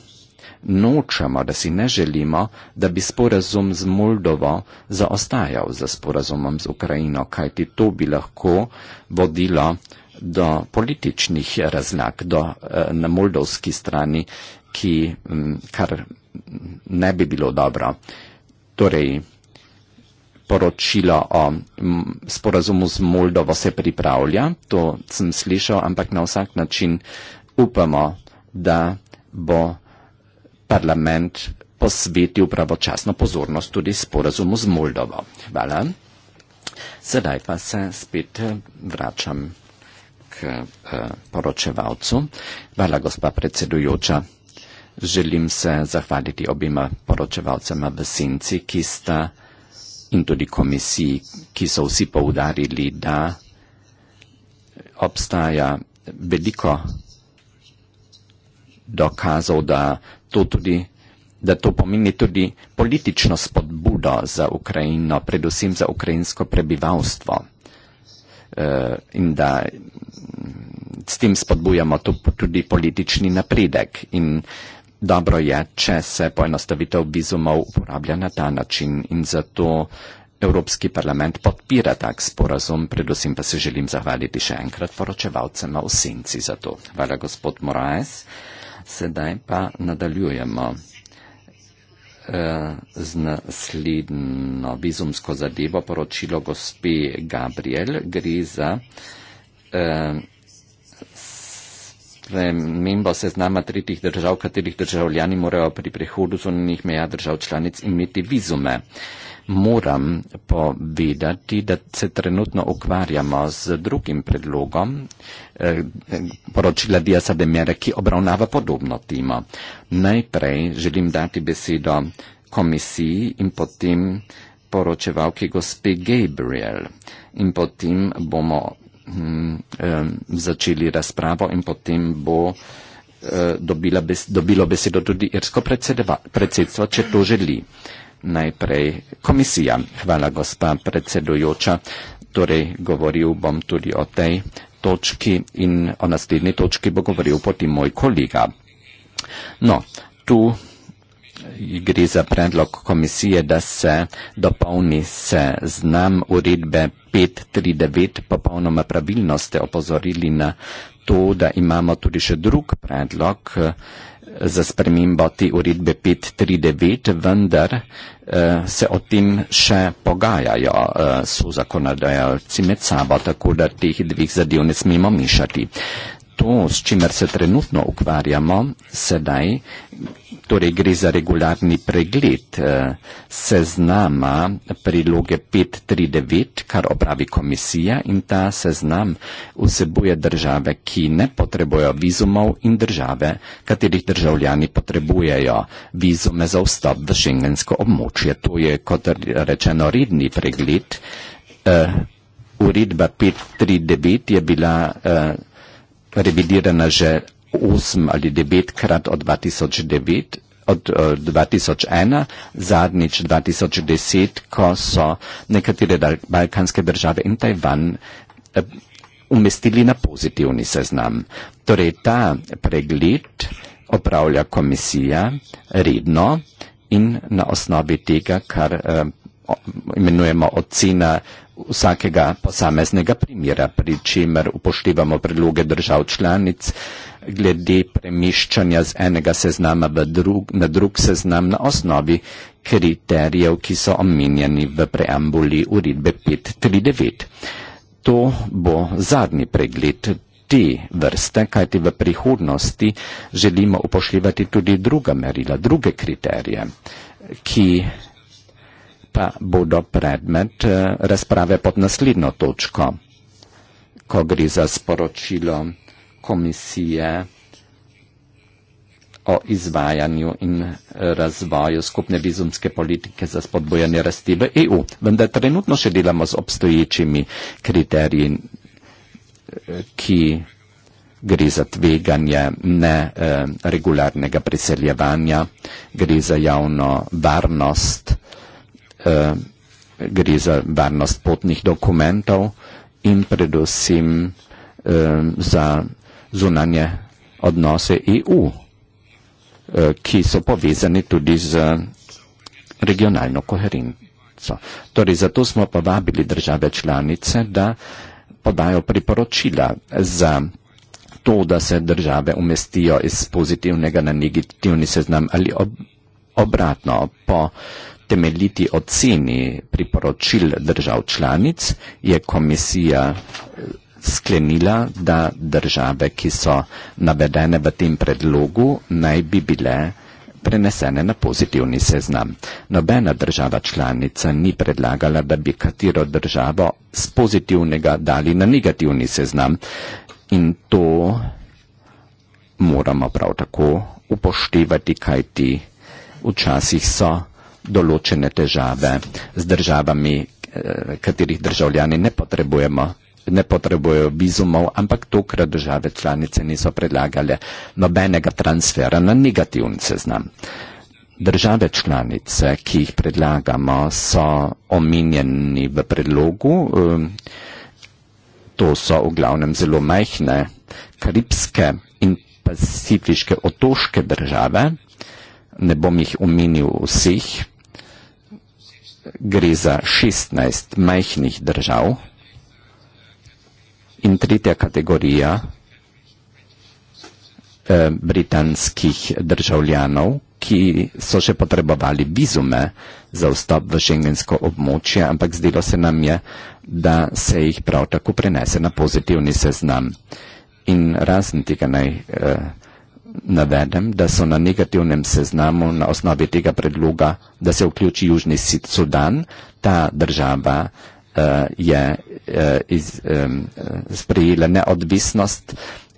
nočemo, da si ne želimo, da bi sporazum z Moldovo zaostajal za sporazumom z Ukrajino, kajti to bi lahko vodilo do političnih razlag do, eh, na moldovski strani, ki, mm, kar ne bi bilo dobro. Torej, poročilo o mm, sporazumu z Moldovo se pripravlja, to sem slišal, ampak na vsak način upamo, da bo parlament posvetil pravočasno pozornost tudi sporazumu z Moldovo. Hvala. Sedaj pa se spet eh, vračam k eh, poročevalcu. Hvala, gospa predsedujoča. Želim se zahvaliti obima poročevalcema v senci, ki sta in tudi komisiji, ki so vsi poudarili, da obstaja veliko dokazal, da to, tudi, da to pomeni tudi politično spodbudo za Ukrajino, predvsem za ukrajinsko prebivalstvo e, in da s tem spodbujamo tudi politični napredek. In dobro je, če se poenostavitev vizumov uporablja na ta način in zato Evropski parlament podpira tak sporazum, predvsem pa se želim zahvaliti še enkrat poročevalcema v senci za to. Hvala, gospod Moraes. Sedaj pa nadaljujemo eh, z naslednjo vizumsko zadevo poročilo gospe Gabriel. Gre za eh, spremembo seznama tretjih držav, katerih državljani morajo pri prehodu zunanjih meja držav članic imeti vizume moram povedati, da se trenutno ukvarjamo z drugim predlogom eh, poročila Diasa de Mere, ki obravnava podobno temo. Najprej želim dati besedo komisiji in potem poročevalki gospe Gabriel in potem bomo hm, eh, začeli razpravo in potem bo eh, bes dobilo besedo tudi irsko predsedstvo, če to želi. Eh, najprej komisija. Hvala, gospa predsedujoča. Torej, govoril bom tudi o tej točki in o naslednji točki bo govoril potem moj kolega. No, tu gre za predlog komisije, da se dopolni se znam uredbe 539, popolnoma pravilno ste opozorili na to, da imamo tudi še drug predlog za spremembo te uredbe 539, vendar eh, se o tem še pogajajo eh, so zakonodajalci med sabo, tako da teh dveh zadev ne smemo mešati. To, s čimer se trenutno ukvarjamo, sedaj Torej gre za regularni pregled eh, seznama priloge 539, kar opravi komisija in ta seznam vsebuje države, ki ne potrebujejo vizumov in države, katerih državljani potrebujejo vizume za vstop v šengensko območje. To je kot rečeno redni pregled. Eh, uredba 539 je bila eh, revidirana že osem ali devetkrat od 2009, od uh, eh, 2001, zadnjič 2010, ko so nekatere balkanske države in Tajvan uh, umestili na pozitivni seznam. Torej ta pregled opravlja komisija redno in na osnovi tega, kar uh, imenujemo ocena vsakega posameznega primera, pri čemer upoštevamo predloge držav članic, uh, glede premiščanja z enega seznama drug, na drug seznam na osnovi kriterijev, ki so omenjeni v preambuli uredbe 539. To bo zadnji pregled te vrste, kajti v prihodnosti želimo upoštevati tudi druga merila, druge kriterije, ki pa bodo predmet eh, razprave pod naslednjo točko, ko gre za sporočilo komisije o izvajanju in razvoju skupne vizumske politike za spodbojanje rasti v EU. Vendar trenutno še delamo z obstoječimi kriteriji, ki gre za tveganje neregularnega priseljevanja, gre za javno varnost, eh, gre za varnost potnih dokumentov in predvsem eh, za zunanje odnose EU, eh, ki so povezani tudi z regionalno koherenco. Torej, zato smo povabili države članice, da podajo priporočila za to, da se države umestijo iz pozitivnega na negativni seznam ali ob, obratno po temeljiti oceni priporočil držav članic, je komisija eh, sklenila, da države, ki so navedene v tem predlogu, naj bi bile prenesene na pozitivni seznam. Nobena država članica ni predlagala, da bi katero državo z pozitivnega dali na negativni seznam in to moramo prav tako upoštevati, kaj ti včasih so določene težave z državami, eh, katerih državljani ne potrebujemo ne potrebujejo vizumov, ampak tokrat države članice niso predlagale nobenega transfera na negativen seznam. Države članice, ki jih predlagamo, so omenjeni v predlogu. Um, to so v glavnem zelo majhne karibske in pacifiške otoške države. Ne bom jih omenil vseh. Gre za 16 majhnih držav. In tretja kategorija eh, britanskih državljanov, ki so še potrebovali vizume za vstop v šengensko območje, ampak zdelo se nam je, da se jih prav tako prenese na pozitivni seznam. In razen tega naj eh, navedem, da so na negativnem seznamu na osnovi tega predloga, da se vključi Južni Sudan, ta država uh, je uh, iz, um, sprejela neodvisnost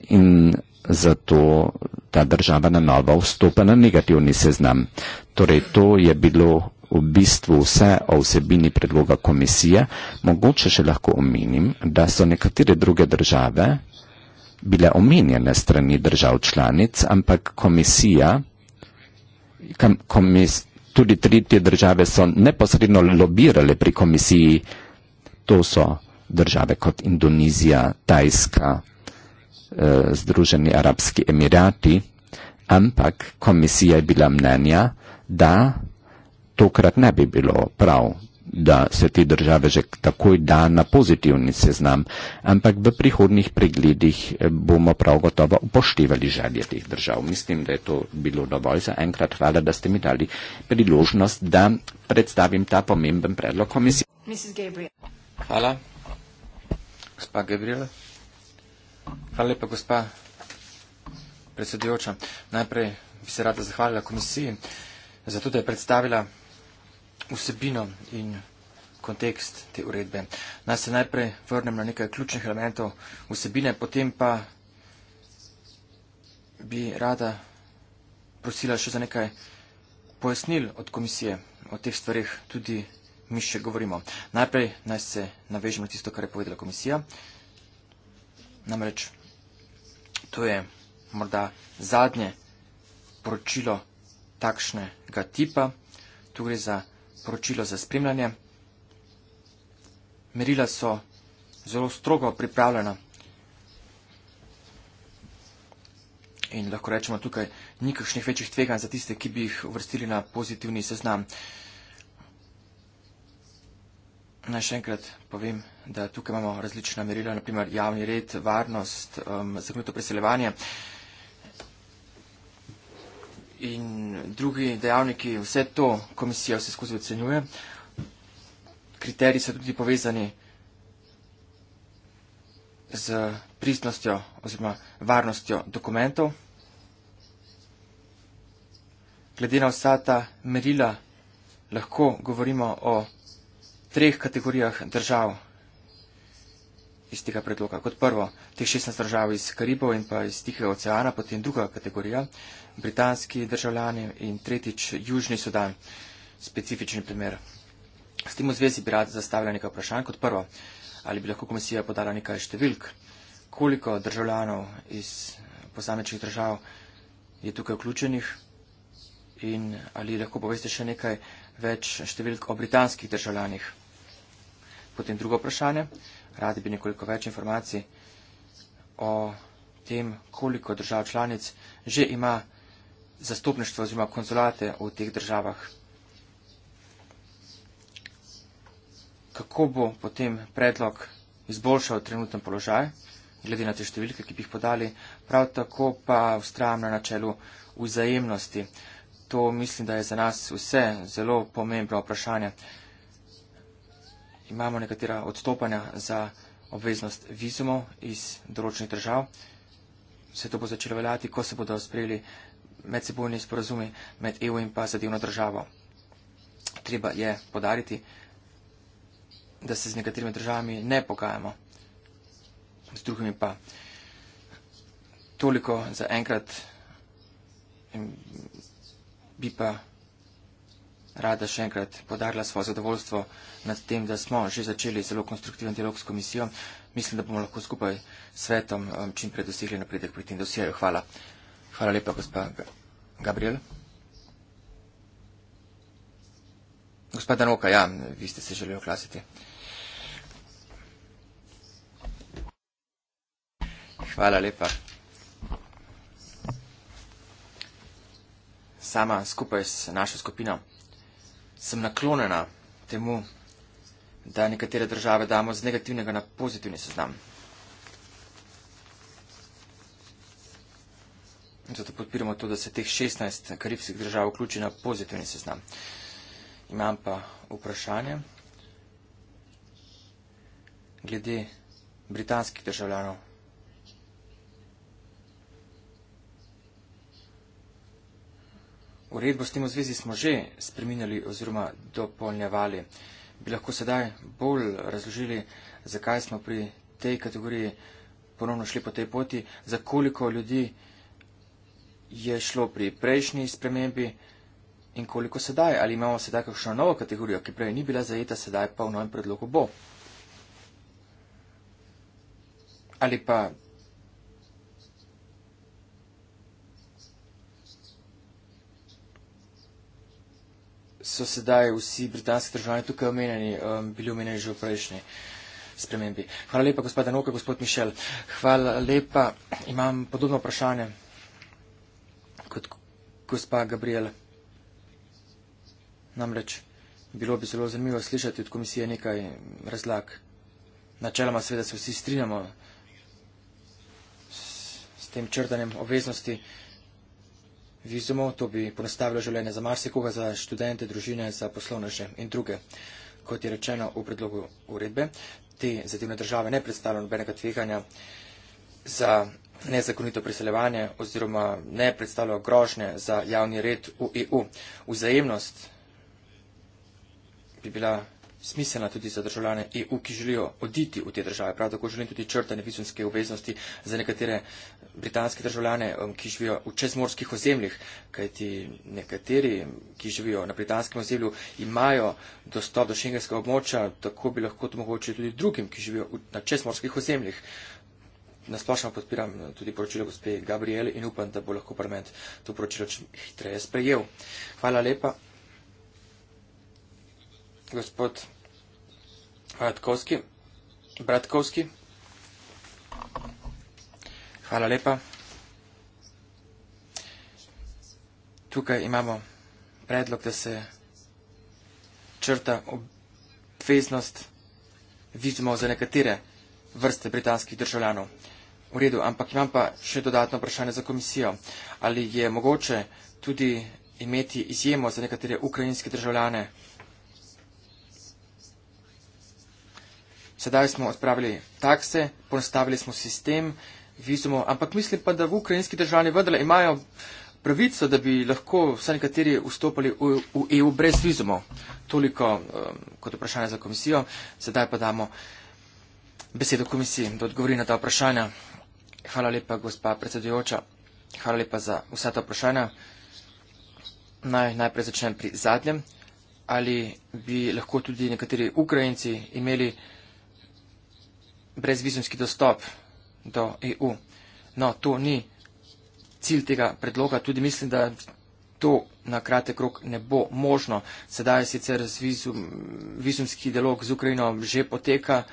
in zato ta država na novo vstopa na negativni seznam. Torej, to je bilo v bistvu vse o vsebini predloga komisije. Mogoče še lahko omenim, da so nekatere druge države bile omenjene strani držav članic, ampak komisija, kam, komis, tudi tretje države so neposredno lobirale pri komisiji, to so države kot Indonezija, Tajska, eh, Združeni arabski emirati, ampak komisija je bila mnenja, da tokrat ne bi bilo prav, da se te države že takoj da na pozitivni seznam, ampak v prihodnih pregledih eh, bomo prav gotovo upoštevali želje teh držav. Mislim, da je to bilo dovolj za enkrat. Hvala, da ste mi dali priložnost, da predstavim ta pomemben predlog komisije. Mrs. Gabriel. Hvala. Gospa Gabriela. Hvala lepa, gospa predsedujoča. Najprej bi se rada zahvalila komisiji za to, da je predstavila vsebino in kontekst te uredbe. Naj se najprej vrnem na nekaj ključnih elementov vsebine, potem pa bi rada prosila še za nekaj pojasnil od komisije o teh stvarih tudi mi še govorimo. Najprej naj se navežemo tisto, kar je povedala komisija. Namreč, to je morda zadnje poročilo takšnega tipa. Tu gre za poročilo za spremljanje. Merila so zelo strogo pripravljena in lahko rečemo tukaj nikakšnih večjih tveganj za tiste, ki bi jih vrstili na pozitivni seznam. Naj še enkrat povem, da tukaj imamo različna merila, naprimer javni red, varnost, um, zakonito preseljevanje. In drugi dejavniki, vse to komisija vse skozi ocenjuje. Kriteriji so tudi povezani z pristnostjo oziroma varnostjo dokumentov. Glede na vsa ta merila lahko govorimo o treh kategorijah držav iz tega predloga. Kot prvo, teh 16 držav iz Karibov in pa iz Tihega oceana, potem druga kategorija, britanski državljani in tretjič Južni Sudan, specifični primer. S tem v zvezi bi rad zastavljal nekaj vprašanj. Kot prvo, ali bi lahko komisija podala nekaj številk, koliko državljanov iz posamečnih držav je tukaj vključenih in ali lahko poveste še nekaj več številk o britanskih državljanih potem drugo vprašanje. Radi bi nekoliko več informacij o tem, koliko držav članic že ima zastopništvo oziroma konzulate v teh državah. Kako bo potem predlog izboljšal trenutni položaj, glede na te številke, ki bi jih podali, prav tako pa ustrajam na načelu vzajemnosti. To mislim, da je za nas vse zelo pomembno vprašanje imamo nekatera odstopanja za obveznost vizumov iz določenih držav. Vse to bo začelo veljati, ko se bodo sprejeli medsebojni sporazumi med EU in pa zadevno državo. Treba je podariti, da se z nekaterimi državami ne pogajamo, z drugimi pa. Toliko za enkrat bi pa rada še enkrat podarila svoje zadovoljstvo nad tem, da smo že začeli zelo konstruktiven dialog s komisijo. Mislim, da bomo lahko skupaj s svetom um, čim prej dosegli napredek pri tem dosjeju. Hvala. Hvala lepa, gospa Gabriel. Gospa Danoka, ja, vi ste se želeli oglasiti. Hvala lepa. Sama skupaj s našo skupino sem naklonjena temu, da nekatere države damo z negativnega na pozitivni seznam. Zato podpiramo to, da se teh 16 karibskih držav vključi na pozitivni seznam. Imam pa vprašanje glede britanskih državljanov Uredbo s tem v zvezi smo že spreminjali oziroma dopolnjevali. Bi lahko sedaj bolj razložili, zakaj smo pri tej kategoriji ponovno šli po tej poti, za koliko ljudi je šlo pri prejšnji spremembi in koliko sedaj, ali imamo sedaj kakšno novo kategorijo, ki prej ni bila zajeta, sedaj pa v novem predlogu bo. Ali pa so sedaj vsi britanski državljani tukaj omenjeni, um, bili omenjeni že v prejšnji spremembi. Hvala lepa, gospod Danoka, gospod Mišel. Hvala lepa, imam podobno vprašanje kot gospa Gabriel. Namreč bilo bi zelo zanimivo slišati od komisije nekaj razlag. Načeloma seveda se vsi strinjamo s, s tem črtanjem obveznosti vizumov, to bi ponestavilo življenje za marsikoga, za študente, družine, za poslovneže in druge. Kot je rečeno v predlogu uredbe, te zadevne države ne predstavljajo nobenega tveganja za nezakonito priseljevanje oziroma ne predstavljajo grožnje za javni red v EU. Vzajemnost bi bila smiselna tudi za državljane EU, ki želijo oditi v te države. Prav tako želim tudi črtanje vizumske obveznosti za nekatere britanske državljane, um, ki živijo v čezmorskih ozemljih, kajti nekateri, ki živijo na britanskem ozemlju, imajo dostop do šengenskega območja, tako bi lahko to mogoče tudi drugim, ki živijo na čezmorskih ozemljih. Nasplošno podpiram uh, tudi poročilo gospe Gabriel in upam, da bo lahko parlament to poročilo čim hitreje sprejel. Hvala lepa gospod Bratkovski. Bratkovski. Hvala lepa. Tukaj imamo predlog, da se črta obveznost vizumov za nekatere vrste britanskih državljanov. V redu, ampak imam pa še dodatno vprašanje za komisijo. Ali je mogoče tudi imeti izjemo za nekatere ukrajinske državljane? Sedaj smo odpravili takse, ponastavili smo sistem vizumov, ampak mislim pa, da v ukrajinski državi vendarle imajo pravico, da bi lahko vsaj nekateri vstopali v, v EU brez vizumov. Toliko um, kot vprašanje za komisijo. Sedaj pa damo besedo komisiji, da odgovori na ta vprašanja. Hvala lepa, gospa predsedujoča. Hvala lepa za vsa ta vprašanja. Naj, najprej začnem pri zadnjem. Ali bi lahko tudi nekateri Ukrajinci imeli brezvizumski dostop do EU. No, to ni cilj tega predloga. Tudi mislim, da to na kratek rok ne bo možno. Sedaj sicer vizum, vizumski dialog z Ukrajino že poteka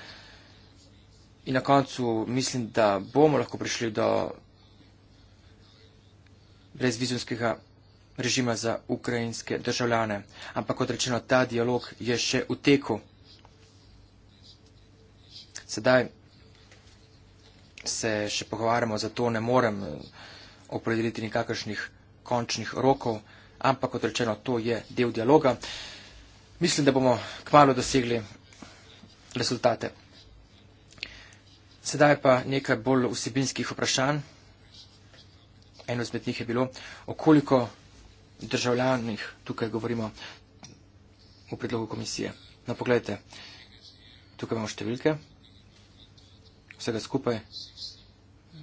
in na koncu mislim, da bomo lahko prišli do brezvizumskega režima za ukrajinske državljane. Ampak kot rečeno, ta dialog je še v teku. Sedaj se še pogovarjamo, zato ne morem eh, opredeliti nikakršnih končnih rokov, ampak kot rečeno, to je del dialoga. Mislim, da bomo kmalo dosegli rezultate. Sedaj pa nekaj bolj vsebinskih vprašanj. Eno izmed njih je bilo, okoliko državljanih tukaj govorimo v predlogu komisije. No, pogledajte, tukaj imamo številke vsega skupaj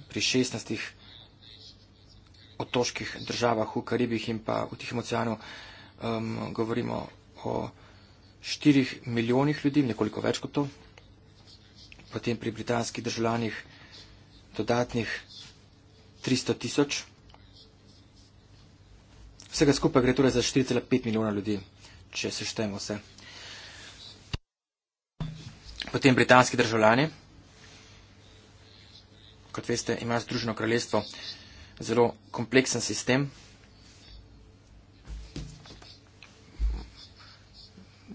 pri 16 otoških državah v Karibih in pa v Tihem oceanu um, govorimo o 4 milijonih ljudi, nekoliko več kot to, potem pri britanskih državljanih dodatnih 300 tisoč. Vsega skupaj gre torej za 4,5 milijona ljudi, če se štejemo vse. Potem britanski državljani kot veste, ima Združeno kraljestvo zelo kompleksen sistem.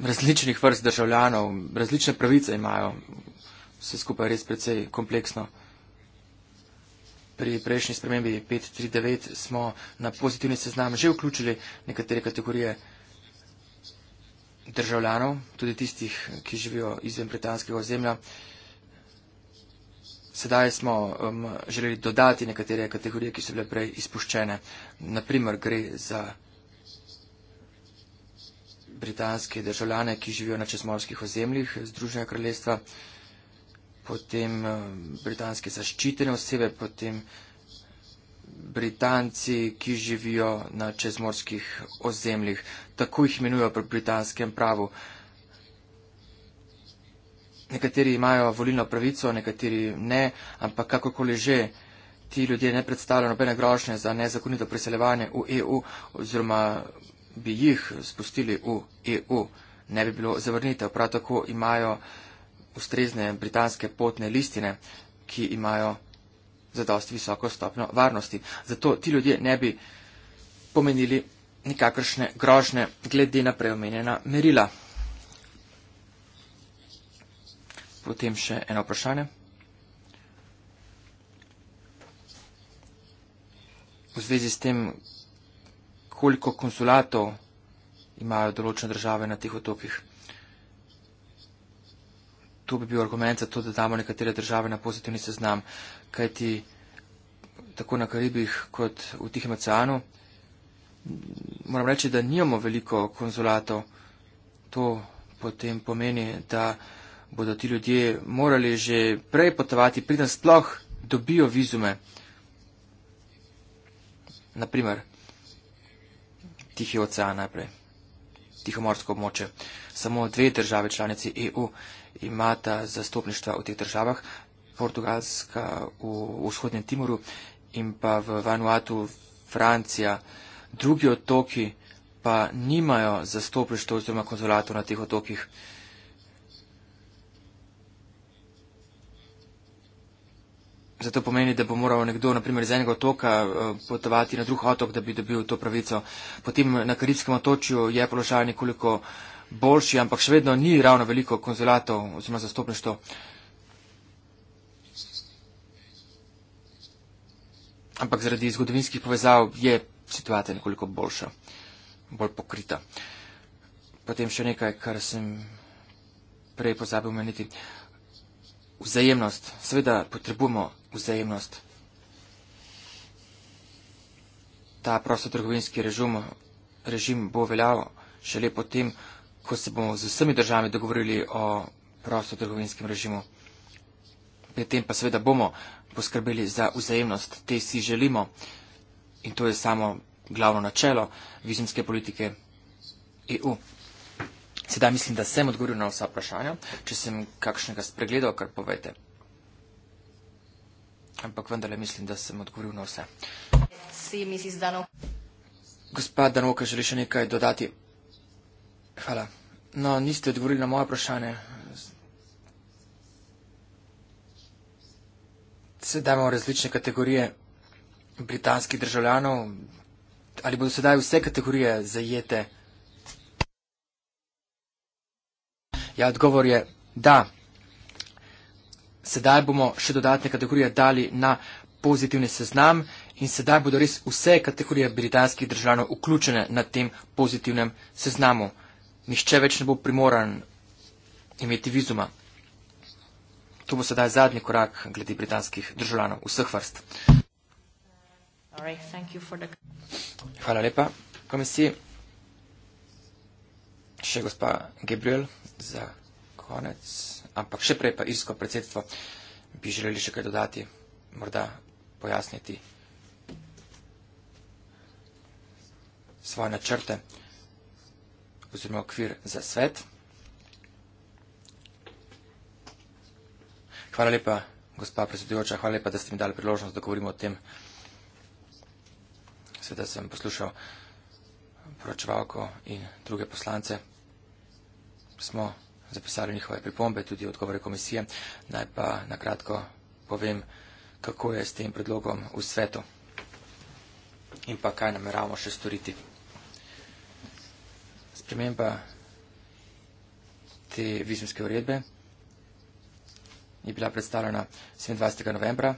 Različnih vrst državljanov, različne pravice imajo, vse skupaj res precej kompleksno. Pri prejšnji spremembi 539 smo na pozitivni seznam že vključili nekatere kategorije državljanov, tudi tistih, ki živijo izven britanskega ozemlja. Sedaj smo um, želeli dodati nekatere kategorije, ki so bile prej izpuščene. Naprimer gre za britanske državljane, ki živijo na čezmorskih ozemljih Združenega kraljestva, potem um, britanske zaščitene osebe, potem britanci, ki živijo na čezmorskih ozemljih. Tako jih imenujejo pri britanskem pravu. Uh, nekateri imajo volilno pravico, nekateri ne, ampak kakokoli že ti ljudje ne predstavljajo nobene grožnje za nezakonito priseljevanje v EU oziroma bi jih spustili v EU, ne bi bilo zavrnitev. Prav tako imajo ustrezne britanske potne listine, ki imajo zadost visoko stopno varnosti. Zato ti ljudje ne bi pomenili nikakršne grožne glede na preomenjena merila. Potem še eno vprašanje. V zvezi s tem, koliko konsulatov imajo določene države na teh otokih. To bi bil argument za to, da damo nekatere države na pozitivni seznam, kajti tako na Karibih kot v Tihem oceanu moram reči, da nimamo veliko konsulatov. To potem pomeni, da bodo ti ljudje morali že prej potovati, preden sploh dobijo vizume. Naprimer, Tihi ocean najprej, Tihomorsko območje. Samo dve države članici EU imata zastopništva v teh državah, Portugalska v vzhodnjem Timoru in pa v Vanuatu Francija. Drugi otoki pa nimajo zastopništva oziroma konzulatov na teh otokih. Zato pomeni, da bo moral nekdo, naprimer iz enega otoka, eh, potovati na drug otok, da bi dobil to pravico. Potem na Karibskem otočju je položaj nekoliko boljši, ampak še vedno ni ravno veliko konzulatov oziroma zastopništvo. Ampak zaradi zgodovinskih povezav je situacija nekoliko boljša, bolj pokrita. Potem še nekaj, kar sem prej pozabil omeniti. Vzajemnost. Seveda potrebujemo vzajemnost. Ta prostotrgovinski režim, režim bo veljal šele potem, ko se bomo z vsemi državami dogovorili o prostotrgovinskem režimu. Pri tem pa seveda bomo poskrbeli za vzajemnost, te si želimo in to je samo glavno načelo vizumske politike EU. Sedaj mislim, da sem odgovoril na vsa vprašanja, če sem kakšnega spregledal, kar povete ampak vendarle mislim, da sem odgovoril na vse. Si, misis Danok. Gospa Danoka, želi še nekaj dodati? Hvala. No, niste odgovorili na moje vprašanje. Sedaj imamo različne kategorije britanskih državljanov. Ali bodo sedaj vse kategorije zajete? Ja, odgovor je da sedaj bomo še dodatne kategorije dali na pozitivni seznam in sedaj bodo res vse kategorije britanskih državljanov vključene na tem pozitivnem seznamu. Nihče več ne bo primoran imeti vizuma. To bo sedaj zadnji korak glede britanskih državljanov vseh vrst. Hvala lepa komisiji. Še gospa Gabriel za konec ampak še prej pa isko predsedstvo bi želeli še kaj dodati, morda pojasniti svoje načrte oziroma okvir za svet. Hvala lepa, gospa predsedujoča, hvala lepa, da ste mi dali priložnost, da govorimo o tem. Sveda sem poslušal poročevalko in druge poslance. Smo zapisali njihove pripombe, tudi odgovore komisije. Naj pa nakratko povem, kako je s tem predlogom v svetu in pa kaj nameravamo še storiti. Sprememba te vizumske uredbe je bila predstavljena 27. novembra.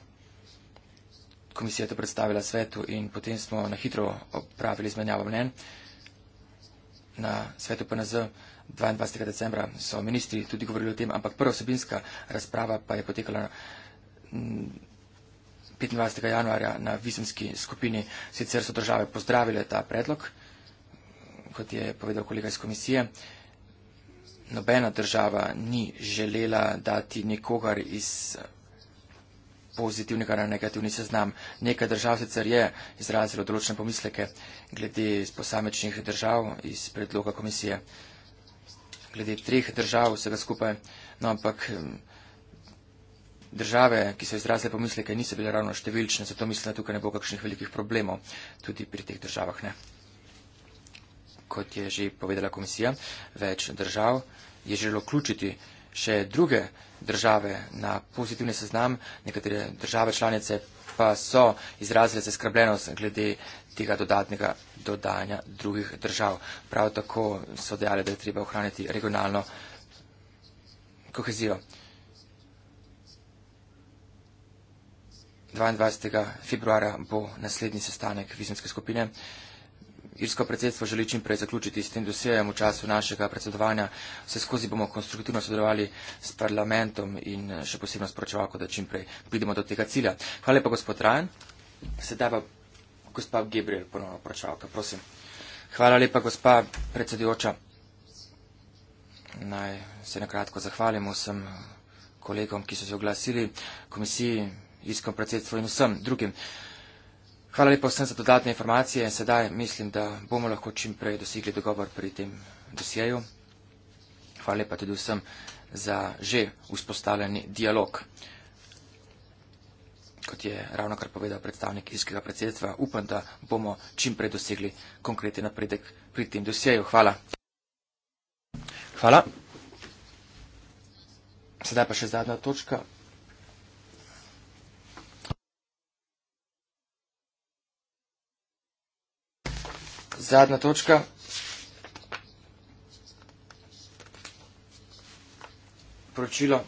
Komisija je to predstavila svetu in potem smo na hitro opravili izmenjavo mnen. Na svetu PNZ 22. decembra so ministri tudi govorili o tem, ampak prva osebinska razprava pa je potekala 25. Mm, januarja na vizumski skupini. Sicer so države pozdravile ta predlog, kot je povedal kolega iz komisije. Nobena država ni želela dati nikogar iz pozitivnega na negativni seznam. Nekaj držav sicer je izrazilo določene pomisleke glede posamečnih držav iz predloga komisije glede treh držav vsega skupaj, no ampak države, ki so izrazile pomisleke, niso bile ravno številčne, zato mislim, da tukaj ne bo kakšnih velikih problemov tudi pri teh državah. Ne. Kot je že povedala komisija, več držav je želelo vključiti še druge države na pozitivni seznam, nekatere države članice pa so izrazile zaskrbljenost glede tega dodatnega dodanja drugih držav. Prav tako so dejale, da je treba ohraniti regionalno kohezijo. 22. februara bo naslednji sestanek vizumske skupine. Irsko predsedstvo želi čim prej zaključiti s tem dosjejem v času našega predsedovanja. Vse skozi bomo konstruktivno sodelovali s parlamentom in eh, še posebno s pročevalko, da čim prej pridemo do tega cilja. Hvala lepa, gospod Rajan. Sedaj pa gospa Gabriel ponovno pročevalka, prosim. Hvala lepa, gospa predsedujoča. Naj se nakratko zahvalim vsem kolegom, ki so se oglasili komisiji, Irskom predsedstvu in vsem drugim. Hvala lepo vsem za dodatne informacije. Sedaj mislim, da bomo lahko čim prej dosegli dogovor pri tem dosjeju. Hvala lepa tudi vsem za že vzpostavljeni dialog. Kot je ravno kar povedal predstavnik iskega predsedstva, upam, da bomo čim prej dosegli konkreten napredek pri tem dosjeju. Hvala. Hvala. Sedaj pa še zadnja točka. zadnja točka. Pročilo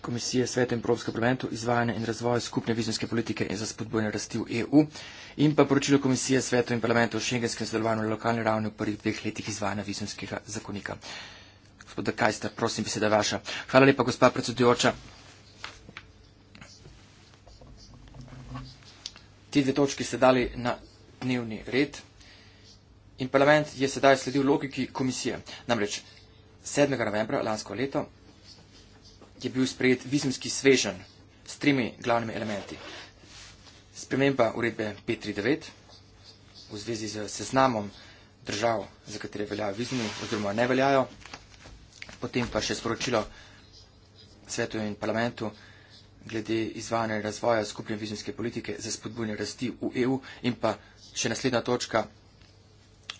Komisije Sveta in Evropskega parlamentu izvajanje in razvoj skupne vizijske politike in za spodbojne rasti v EU in pa pročilo Komisije Sveta in parlamentu o šengenskem sodelovanju na lokalni ravni v prvih dveh letih izvajanja vizijskega zakonika. Gospod Dekajster, prosim, beseda vaša. Hvala lepa, gospa predsedujoča. ti dve točki ste dali na dnevni red in parlament je sedaj sledil logiki komisije. Namreč 7. novembra lansko leto je bil sprejet vizumski svežen s tremi glavnimi elementi. Sprememba uredbe 539 v zvezi z seznamom držav, za katere veljajo vizumi oziroma ne veljajo, potem pa še sporočilo svetu in parlamentu, glede izvajanja razvoja skupne vizijske politike za spodbujanje rasti v EU in pa še naslednja točka,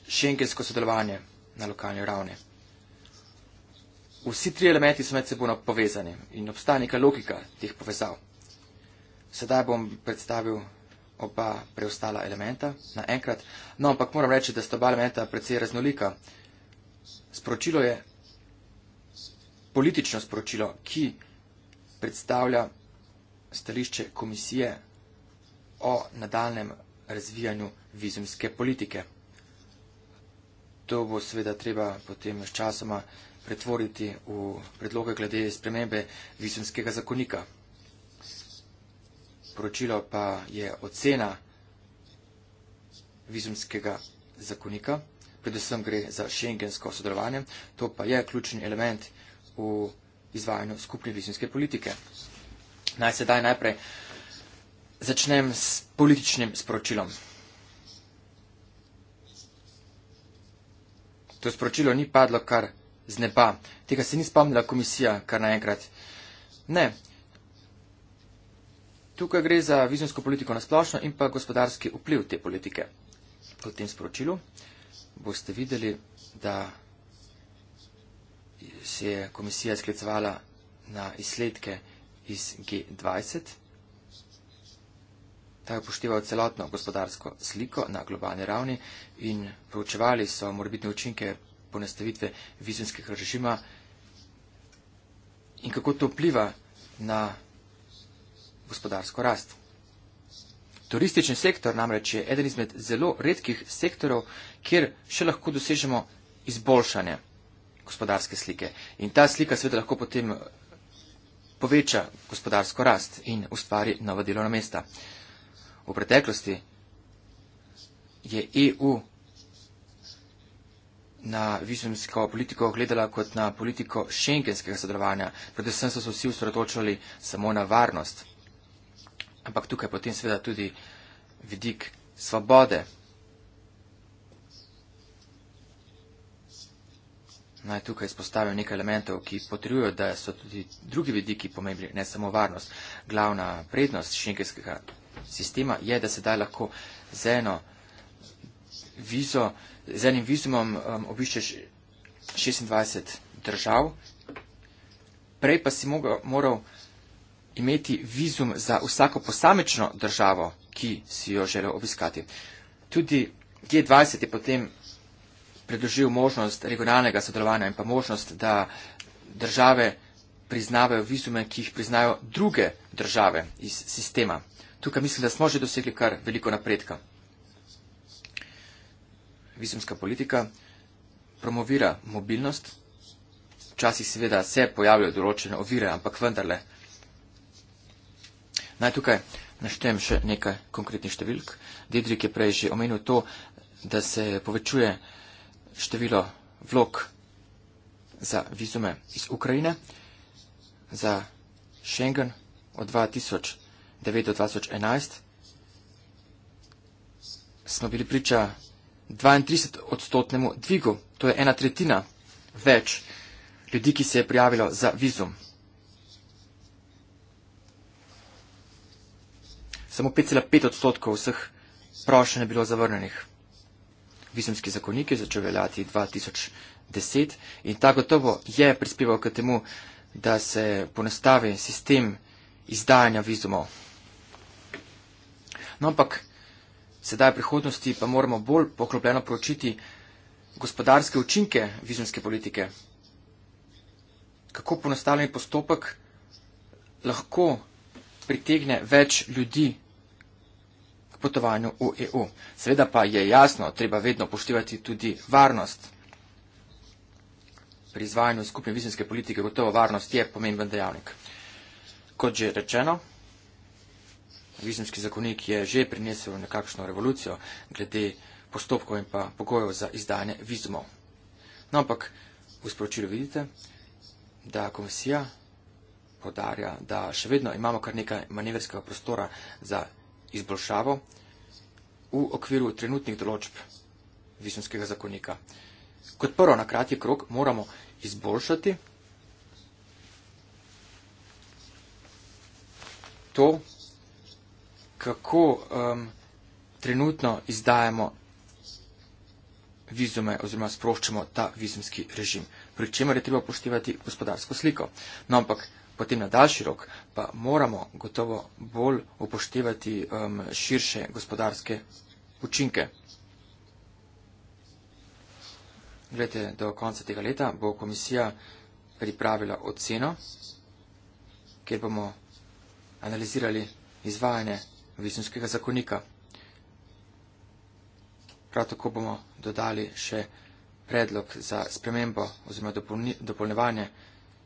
šengensko sodelovanje na lokalni ravni. Vsi tri elementi so med seboj povezani in obstaja neka logika teh povezav. Sedaj bom predstavil oba preostala elementa naenkrat, no ampak moram reči, da sta oba elementa precej raznolika. Sporočilo je politično sporočilo, ki predstavlja stališče komisije o nadaljem razvijanju vizumske politike. To bo seveda treba potem s časoma pretvoriti v predloge glede spremembe vizumskega zakonika. Poročilo pa je ocena vizumskega zakonika, predvsem gre za šengensko sodelovanje, to pa je ključni element v izvajanju skupne vizumske politike. Naj sedaj najprej začnem s političnim sporočilom. To sporočilo ni padlo kar z neba. Tega se ni spomnila komisija kar naenkrat. Ne. Tukaj gre za vizijsko politiko na splošno in pa gospodarski vpliv te politike. V tem sporočilu boste videli, da se je komisija sklicovala na izsledke iz G20, ta je upošteval celotno gospodarsko sliko na globalni ravni in proučevali so morbitne učinke ponestavitve vizumskih režima in kako to vpliva na gospodarsko rast. Turistični sektor namreč je eden izmed zelo redkih sektorov, kjer še lahko dosežemo izboljšanje gospodarske slike. In ta slika seveda lahko potem poveča gospodarsko rast in ustvari nova delovna mesta. V preteklosti je EU na vizumsko politiko gledala kot na politiko šengenskega sodelovanja. Predvsem so se vsi usredotočali samo na varnost. Ampak tukaj potem seveda tudi vidik svobode Naj tukaj izpostavim nekaj elementov, ki potrjujo, da so tudi drugi vidiki pomembni, ne samo varnost. Glavna prednost šengenskega sistema je, da se da lahko z, eno vizo, z enim vizumom um, obiščeš 26 držav, prej pa si mogel, moral imeti vizum za vsako posamečno državo, ki si jo želel obiskati. Tudi G20 je potem predložil možnost regionalnega sodelovanja in pa možnost, da države priznavajo vizume, ki jih priznajo druge države iz sistema. Tukaj mislim, da smo že dosegli kar veliko napredka. Vizumska politika promovira mobilnost. Včasih seveda se pojavljajo določene ovire, ampak vendarle. Naj tukaj naštem še nekaj konkretnih številk. Dedrik je prej že omenil to, da se povečuje število vlog za vizume iz Ukrajine, za Schengen od 2009 do 2011 smo bili priča 32 odstotnemu dvigu, to je ena tretjina več ljudi, ki se je prijavilo za vizum. Samo 5,5 odstotkov vseh prošenj je bilo zavrnenih vizumski zakonik je začel veljati 2010 in ta gotovo je prispeval k temu, da se ponastavi sistem izdajanja vizumov. No, ampak sedaj v prihodnosti pa moramo bolj poklopljeno pročiti gospodarske učinke vizumske politike. Kako ponastavljen postopek lahko pritegne več ljudi potovanju v EU. Seveda pa je jasno, treba vedno poštivati tudi varnost. Pri izvajanju skupne vizijske politike gotovo varnost je pomemben dejavnik. Kot že rečeno, vizijski zakonik je že prinesel nekakšno revolucijo glede postopkov in pa pogojev za izdanje vizumov. No, ampak v sporočilu vidite, da komisija podarja, da še vedno imamo kar nekaj manevrskega prostora za izboljšavo v okviru trenutnih določb visonskega zakonika. Kot prvo, na kratki krok moramo izboljšati to, kako um, trenutno izdajemo vizume oziroma sproščamo ta vizumski režim. Pri čemer je treba upoštevati gospodarsko sliko. No, ampak potem na daljši rok pa moramo gotovo bolj upoštevati um, širše gospodarske učinke. Glede, do konca tega leta bo komisija pripravila oceno, kjer bomo analizirali izvajanje visinskega zakonika. Prav tako bomo dodali še predlog za spremembo oziroma dopolnevanje dopolni,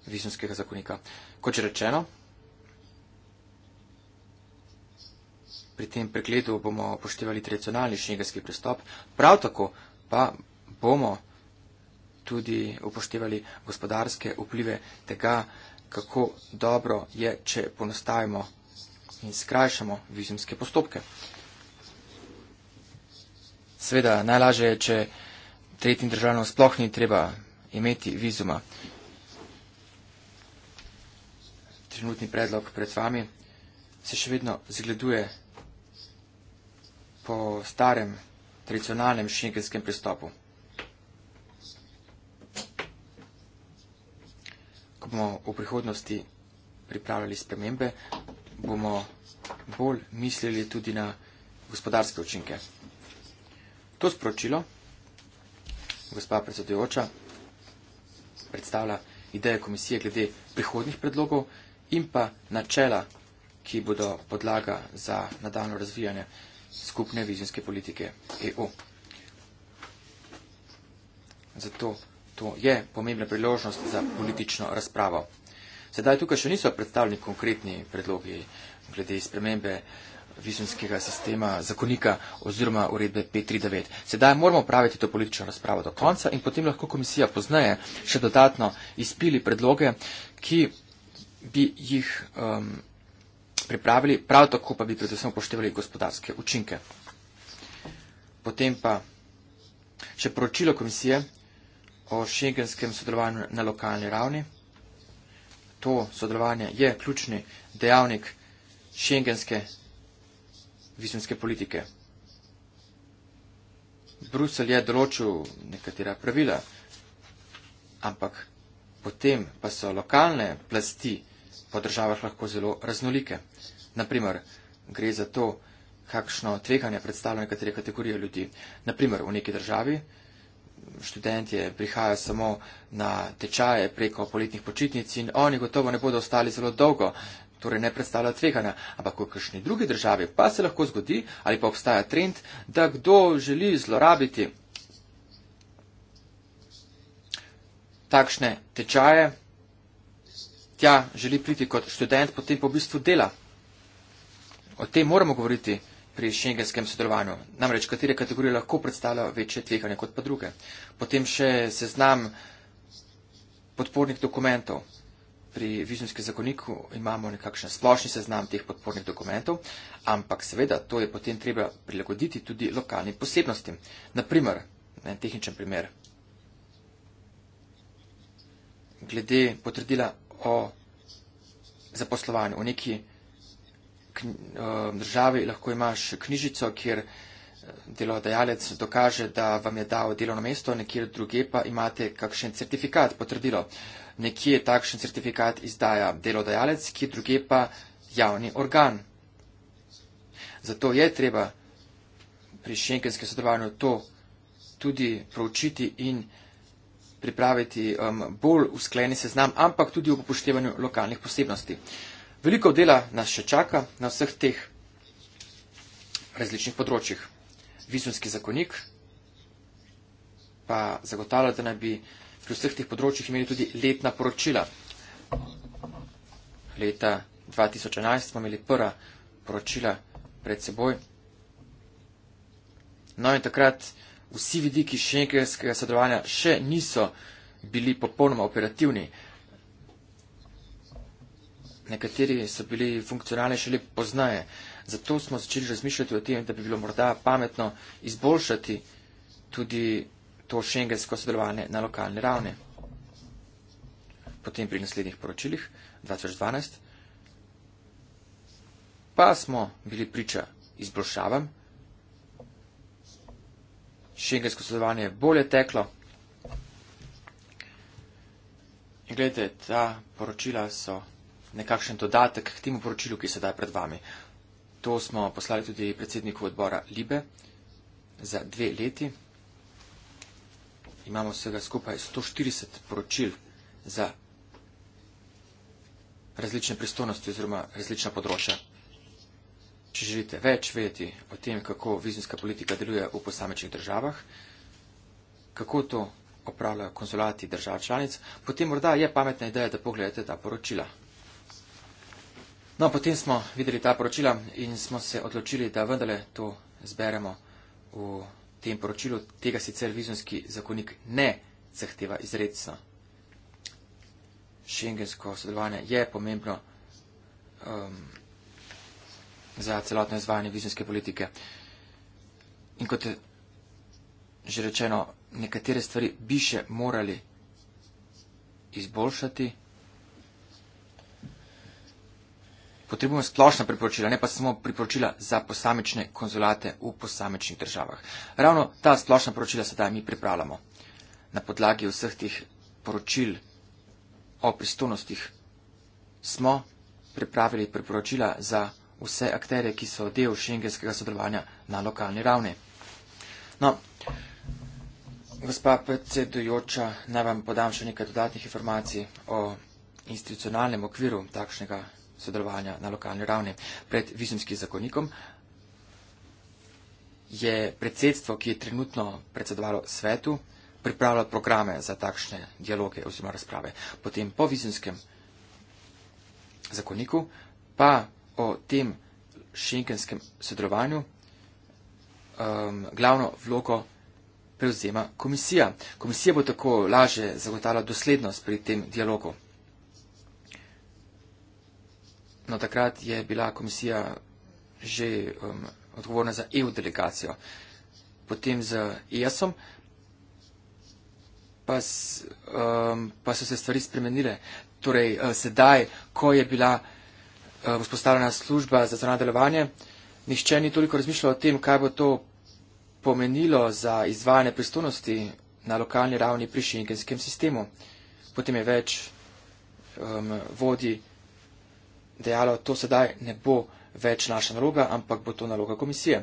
višinskega zakonika. Kot že rečeno, pri tem pregledu bomo poštevali tradicionalni šengenski pristop, prav tako pa bomo tudi upoštevali gospodarske vplive tega, kako dobro je, če ponostavimo in skrajšamo vizumske postopke. Sveda, najlažje je, če tretjim državam sploh ni treba imeti vizuma trenutni predlog pred vami, se še vedno zgleduje po starem, tradicionalnem šengenskem pristopu. Ko bomo v prihodnosti pripravljali spremembe, bomo bolj mislili tudi na gospodarske učinke. To sporočilo, gospa predsedujoča, predstavlja ideje komisije glede prihodnih predlogov in pa načela, ki bodo podlaga za nadaljno razvijanje skupne vizijske politike EU. Zato to je pomembna priložnost za politično razpravo. Sedaj tukaj še niso predstavljeni konkretni predlogi glede spremembe vizijskega sistema zakonika oziroma uredbe 539. Sedaj moramo praviti to politično razpravo do konca in potem lahko komisija poznaje še dodatno izpili predloge, ki bi jih um, pripravili, prav tako pa bi predvsem upoštevali gospodarske učinke. Potem pa še poročilo komisije o šengenskem sodelovanju na lokalni ravni. To sodelovanje je ključni dejavnik šengenske vizumske politike. Brusel je določil nekatera pravila, ampak potem pa so lokalne plasti po državah lahko zelo raznolike. Naprimer, gre za to, kakšno tveganje predstavlja nekatere kategorije ljudi. Naprimer, v neki državi študentje prihajajo samo na tečaje preko poletnih počitnic in oni gotovo ne bodo ostali zelo dolgo, torej ne predstavlja tveganja. Ampak v kakšni drugi državi pa se lahko zgodi ali pa obstaja trend, da kdo želi zlorabiti takšne tečaje, tja želi priti kot študent, potem pa v bistvu dela. O tem moramo govoriti pri šengenskem sodelovanju. Namreč, katere kategorije lahko predstavlja večje tveganje kot pa druge. Potem še seznam podpornih dokumentov. Pri vizumskem zakoniku imamo nekakšen splošni seznam teh podpornih dokumentov, ampak seveda to je potem treba prilagoditi tudi lokalnim posebnostim. Naprimer, en tehničen primer, glede potrdila o zaposlovanju. V neki eh, državi lahko imaš knjižico, kjer eh, delodajalec dokaže, da vam je dal delovno mesto, nekje druge pa imate kakšen certifikat, potrdilo. Nekje takšen certifikat izdaja delodajalec, ki druge pa javni organ. Zato je treba pri šengenskem sodelovanju to tudi proučiti in pripraviti um, bolj usklajeni seznam, ampak tudi ob upoštevanju lokalnih posebnosti. Veliko dela nas še čaka na vseh teh različnih področjih. Vizumski zakonik pa zagotavlja, da naj bi pri vseh teh področjih imeli tudi letna poročila. Leta 2011 smo imeli prva poročila pred seboj. No in takrat vsi vidiki šengenskega sodelovanja še niso bili popolnoma operativni. Nekateri so bili funkcionalni šele poznaje. Zato smo začeli razmišljati o tem, da bi bilo morda pametno izboljšati tudi to šengensko sodelovanje na lokalni ravni. Potem pri naslednjih poročilih 2012 pa smo bili priča izboljšavam šengensko sodelovanje bolje teklo. In gledajte, ta poročila so nekakšen dodatek k temu poročilu, ki se daje pred vami. To smo poslali tudi predsedniku odbora Libe za dve leti. Imamo vsega skupaj 140 poročil za različne pristojnosti oziroma različna področja. Če želite več vedeti o tem, kako vizumska politika deluje v posamečnih državah, kako to opravljajo konzulati držav članic, potem morda je pametna ideja, da pogledate ta poročila. No, potem smo videli ta poročila in smo se odločili, da vendarle to zberemo v tem poročilu. Tega sicer vizumski zakonik ne zahteva izredno. Šengensko sodelovanje je pomembno. Um, za celotno izvajanje vizijske politike. In kot je že rečeno, nekatere stvari bi še morali izboljšati. Potrebujemo splošna priporočila, ne pa samo priporočila za posamične konzulate v posamičnih državah. Ravno ta splošna poročila sedaj mi pripravljamo na podlagi vseh tih poročil o pristojnostih smo pripravili priporočila za vse akterje, ki so del šengenskega sodelovanja na lokalni ravni. No, gospa predsedujoča, naj vam podam še nekaj dodatnih informacij o institucionalnem okviru takšnega sodelovanja na lokalni ravni pred vizumskim zakonikom je predsedstvo, ki je trenutno predsedovalo svetu, pripravljalo programe za takšne dialoge oziroma razprave. Potem po vizumskem zakoniku pa o tem šengenskem sodelovanju um, glavno vlogo prevzema komisija. Komisija bo tako laže zagotavljala doslednost pri tem dialogu. No, takrat je bila komisija že um, odgovorna za EU delegacijo. Potem z ESOM pa, um, pa so se stvari spremenile. Torej, uh, sedaj, ko je bila Eh, vzpostavljena služba za zrna delovanje. Nihče ni toliko razmišljal o tem, kaj bo to pomenilo za izvajanje pristojnosti na lokalni ravni pri šengenskem sistemu. Potem je več um, vodi dejalo, to sedaj ne bo več naša naloga, ampak bo to naloga komisije.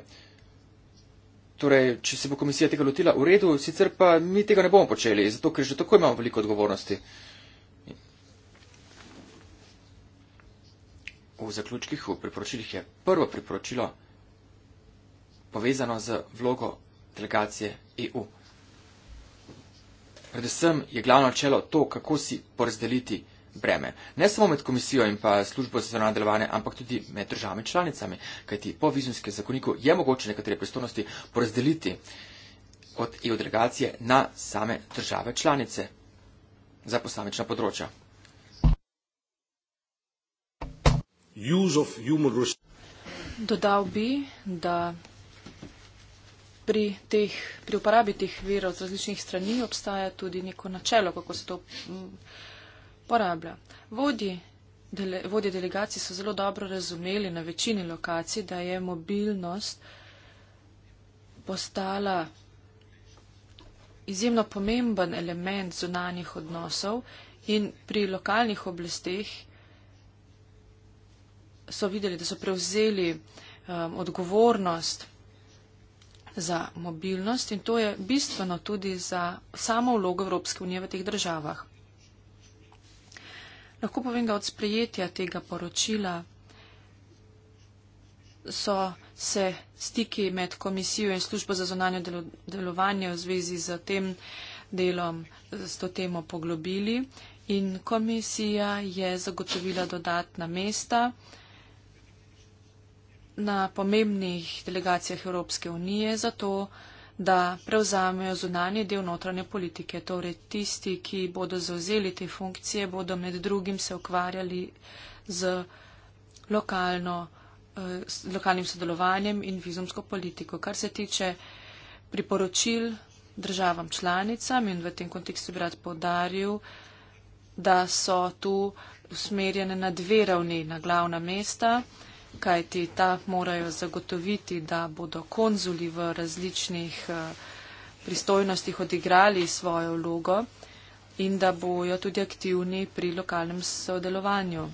Torej, če se bo komisija tega lotila, v redu, sicer pa mi tega ne bomo počeli, zato ker že tako imamo veliko odgovornosti. Uh, v zaključkih v priporočilih je prvo priporočilo povezano z vlogo delegacije EU. Predvsem je glavno načelo to, kako si porazdeliti breme. Ne samo med komisijo in pa službo za zvonarno delovanje, ampak tudi med državami članicami, kajti po vizumskem zakoniku je mogoče nekatere pristojnosti porazdeliti od EU delegacije na same države članice za posamična področja. Dodal bi, da pri, teh, pri uporabi teh virov z različnih strani obstaja tudi neko načelo, kako se to mm, porablja. Vodi, dele, vodi delegacij so zelo dobro razumeli na večini lokacij, da je mobilnost postala izjemno pomemben element zunanjih odnosov in pri lokalnih oblasteh so videli, da so prevzeli um, odgovornost za mobilnost in to je bistveno tudi za samo vlogo Evropske unije v teh državah. Lahko povem, da od sprejetja tega poročila so se stiki med komisijo in službo za zonanje delo delovanje v zvezi z tem delom, s to temo poglobili in komisija je zagotovila dodatna mesta na pomembnih delegacijah Evropske unije za to, da prevzamejo zunanje del notranje politike. Torej, tisti, ki bodo zauzeli te funkcije, bodo med drugim se ukvarjali z lokalno, eh, lokalnim sodelovanjem in vizumsko politiko. Kar se tiče priporočil državam članicam in v tem kontekstu bi rad podaril, da so tu usmerjene na dve ravni, na glavna mesta kajti ta morajo zagotoviti, da bodo konzuli v različnih eh, pristojnostih odigrali svojo vlogo in da bojo tudi aktivni pri lokalnem sodelovanju.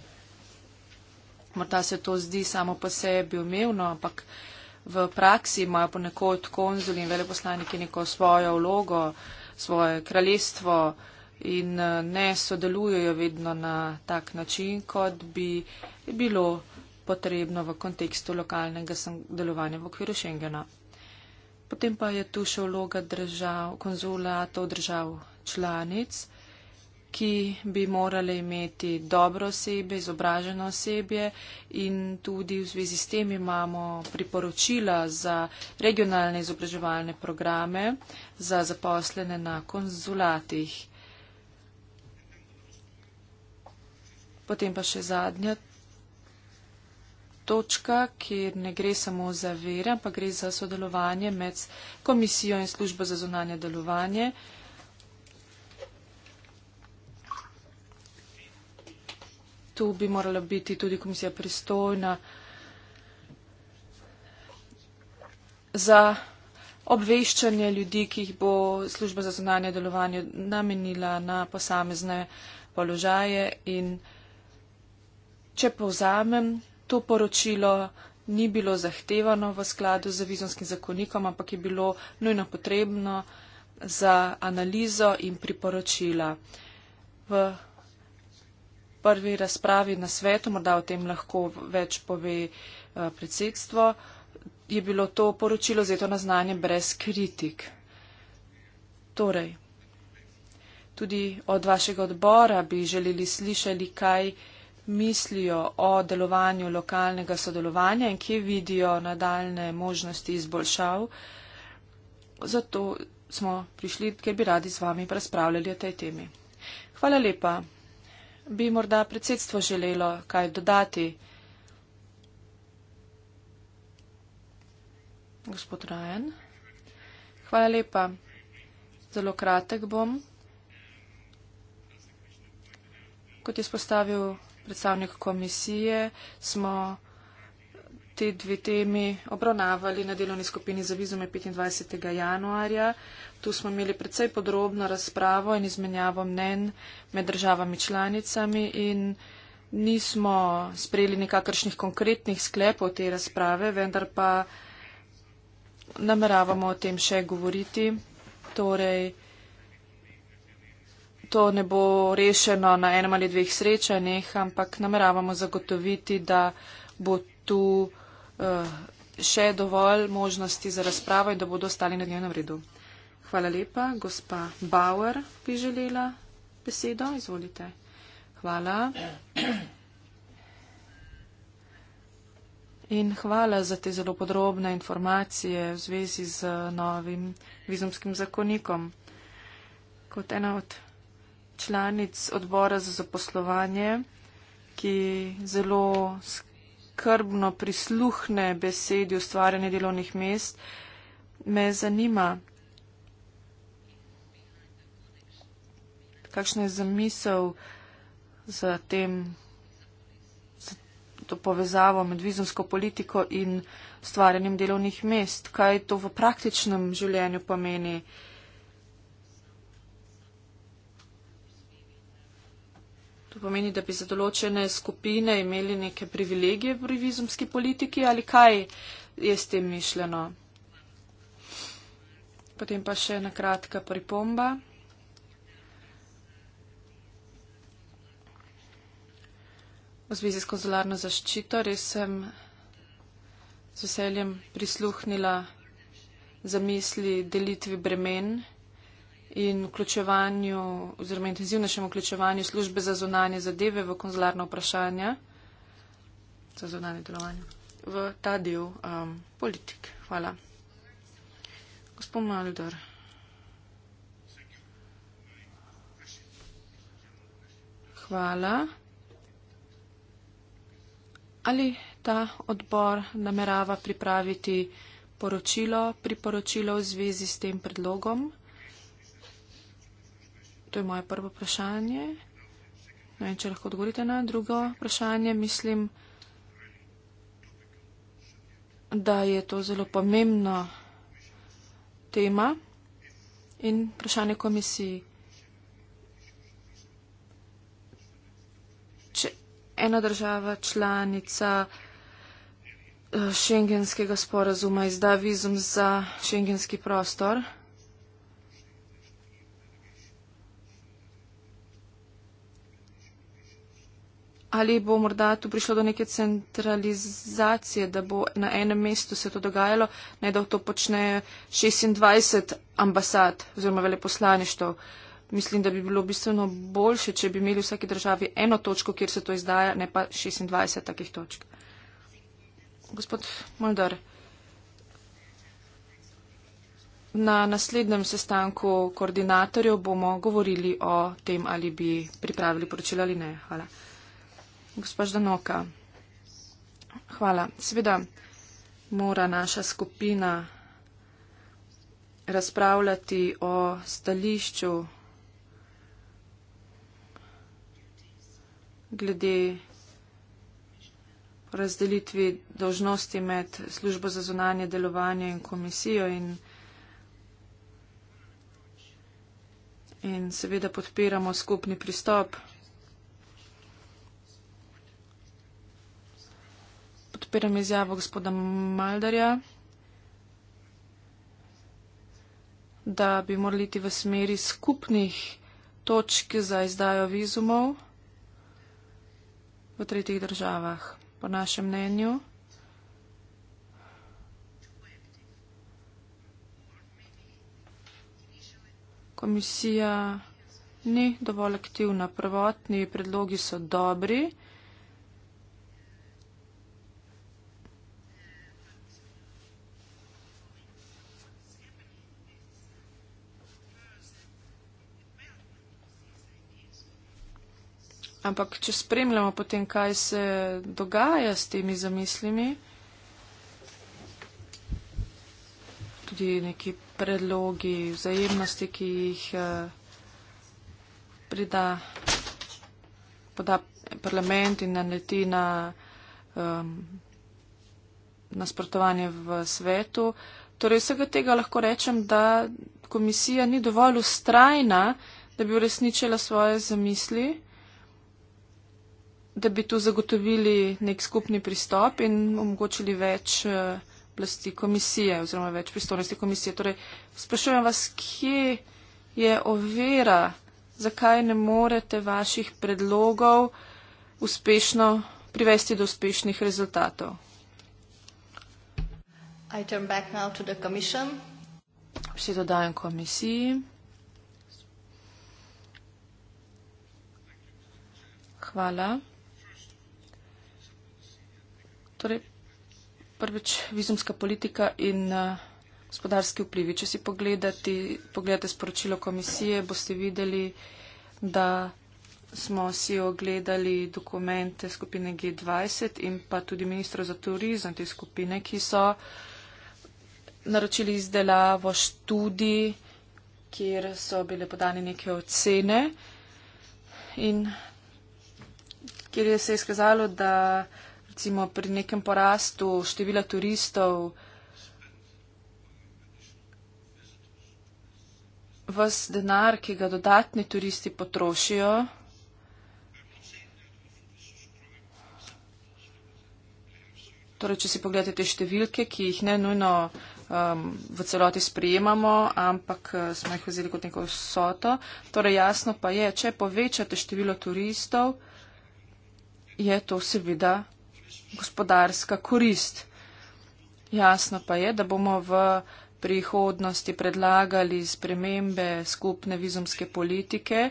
Morda se to zdi samo po sebi umevno, ampak v praksi imajo ponekod konzuli in veleposlaniki neko svojo vlogo, svoje kraljestvo in eh, ne sodelujejo vedno na tak način, kot bi bilo potrebno v kontekstu lokalnega delovanja v okviru Schengena. Potem pa je tu še vloga držav, konzulatov držav članic, ki bi morale imeti dobro osebe, izobraženo osebje in tudi v zvezi s tem imamo priporočila za regionalne izobraževalne programe za zaposlene na konzulatih. Potem pa še zadnja točka, kjer ne gre samo za vere, ampak gre za sodelovanje med komisijo in službo za zunanje delovanje. Tu bi morala biti tudi komisija pristojna za obveščanje ljudi, ki jih bo služba za zunanje delovanje namenila na posamezne položaje in če povzamem, to poročilo ni bilo zahtevano v skladu z vizonskim zakonikom, ampak je bilo nujno potrebno za analizo in priporočila. V prvi razpravi na svetu, morda o tem lahko več pove eh, predsedstvo, je bilo to poročilo zeto na znanje brez kritik. Torej, tudi od vašega odbora bi želeli slišati, kaj mislijo o delovanju lokalnega sodelovanja in kje vidijo nadaljne možnosti izboljšav. Zato smo prišli, ker bi radi z vami razpravljali o tej temi. Hvala lepa. Bi morda predsedstvo želelo kaj dodati? Gospod Rajan. Hvala lepa. Zelo kratek bom. Kot je spostavil predstavnik komisije, smo te dve temi obravnavali na delovni skupini za vizume 25. januarja. Tu smo imeli predvsej podrobno razpravo in izmenjavo mnen med državami članicami in nismo sprejeli nekakršnih konkretnih sklepov te razprave, vendar pa nameravamo o tem še govoriti. Torej, to ne bo rešeno na enem ali dveh srečanjih, ampak nameravamo zagotoviti, da bo tu eh, še dovolj možnosti za razpravo in da bodo ostali na dnevnem redu. Hvala lepa. Gospa Bauer bi želela besedo. Izvolite. Hvala. In hvala za te zelo podrobne informacije v zvezi z novim vizumskim zakonikom. Kot ena od članic odbora za zaposlovanje, ki zelo skrbno prisluhne besedi ustvarjanje delovnih mest, me zanima, kakšna je zamisel za tem, za to povezavo med vizumsko politiko in ustvarjanjem delovnih mest, kaj to v praktičnem življenju pomeni. To pomeni, da bi za določene skupine imeli neke privilegije v revizumski politiki ali kaj je s tem mišljeno. Potem pa še ena kratka pripomba. V zvezi s konzularno zaščito res sem z veseljem prisluhnila zamisli delitvi bremen in vključevanju oziroma intenzivnejšem vključevanju službe za zonanje zadeve v konzularno vprašanje, za zonanje delovanje, v ta del um, politik. Hvala. Gospod Maldor. Hvala. Ali ta odbor namerava pripraviti poročilo, priporočilo v zvezi s tem predlogom? To je moje prvo vprašanje. Ne vem, če lahko odgovorite na drugo vprašanje. Mislim, da je to zelo pomembna tema in vprašanje komisiji. Če ena država članica eh, šengenskega sporazuma izda vizum za šengenski prostor, ali bo morda tu prišlo do neke centralizacije, da bo na enem mestu se to dogajalo, ne da to počne 26 ambasad oziroma veleposlaništvo. Mislim, da bi bilo bistveno boljše, če bi imeli v vsaki državi eno točko, kjer se to izdaja, ne pa 26 takih točk. Gospod Moldar, na naslednjem sestanku koordinatorjev bomo govorili o tem, ali bi pripravili poročilo ali ne. Hvala. Gospa Ždanoka, hvala. Seveda mora naša skupina razpravljati o stališču glede razdelitvi dožnosti med službo za zunanje delovanje in komisijo in, in seveda podpiramo skupni pristop. podpiram izjavo gospoda Maldarja, da bi morali iti v smeri skupnih točk za izdajo vizumov v tretjih državah, po našem mnenju. Komisija ni dovolj aktivna. Prvotni predlogi so dobri. Ampak, če spremljamo potem, kaj se dogaja s temi zamislimi, tudi neki predlogi vzajemnosti, ki jih eh, prida, poda parlament in naleti na um, nasprotovanje v svetu. Torej, vsega tega lahko rečem, da komisija ni dovolj ustrajna, da bi uresničila svoje zamisli da bi tu zagotovili nek skupni pristop in omogočili več eh, oblasti komisije oziroma več pristojnosti komisije. Torej, sprašujem vas, kje je ovira, zakaj ne morete vaših predlogov uspešno privesti do uspešnih rezultatov. I turn back now to the commission. Vsi dodajam komisiji. Hvala. Torej, prvič vizumska politika in uh, gospodarski vplivi. Če si pogledati, pogledate sporočilo komisije, boste videli, da smo si ogledali dokumente skupine G20 in pa tudi ministro za turizem te skupine, ki so naročili izdelavo študij, kjer so bile podane neke ocene in kjer je se izkazalo, da recimo pri nekem porastu števila turistov vas denar, ki ga dodatni turisti potrošijo, torej če si pogledate te številke, ki jih ne nujno um, v celoti sprejemamo, ampak eh, smo jih vzeli kot neko soto, torej jasno pa je, če povečate število turistov, je to seveda gospodarska korist. Jasno pa je, da bomo v prihodnosti predlagali spremembe skupne vizumske politike,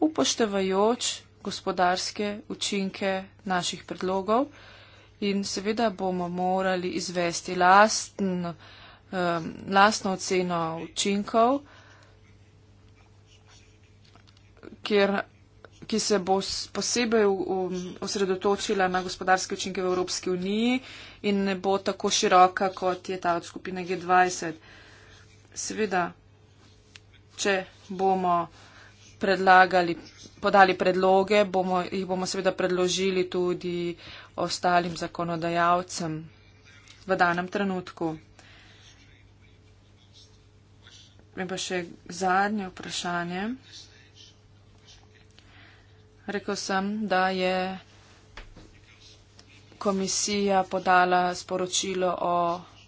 upoštevajoč gospodarske učinke naših predlogov in seveda bomo morali izvesti lasten, um, lastno oceno učinkov, kjer ki se bo posebej um, osredotočila na gospodarske učinke v Evropski uniji in ne bo tako široka, kot je ta od skupine G20. Seveda, če bomo predlagali, podali predloge, bomo, jih bomo seveda predložili tudi ostalim zakonodajalcem v danem trenutku. In pa še zadnje vprašanje. Rekl sem, da je komisija podala sporočilo o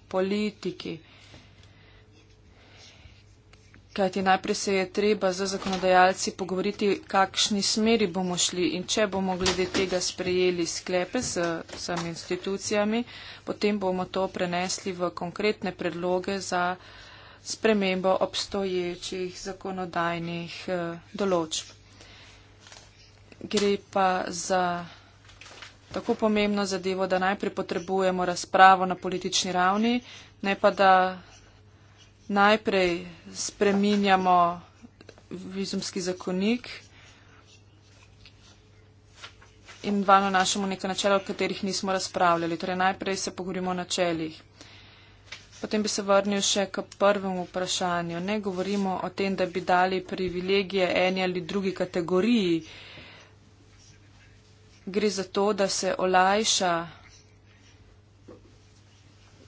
politiki, kajti najprej se je treba z zakonodajalci pogovoriti, kakšni smeri bomo šli in če bomo glede tega sprejeli sklepe s vsemi institucijami, potem bomo to prenesli v konkretne predloge za spremembo obstoječih zakonodajnih eh, določb gre pa za tako pomembno zadevo, da najprej potrebujemo razpravo na politični ravni, ne pa da najprej spreminjamo vizumski zakonik in vano našemu neka načela, o katerih nismo razpravljali. Torej najprej se pogovorimo o načelih. Potem bi se vrnil še k prvemu vprašanju. Ne govorimo o tem, da bi dali privilegije eni ali drugi kategoriji. Uh, gre za to, da se olajša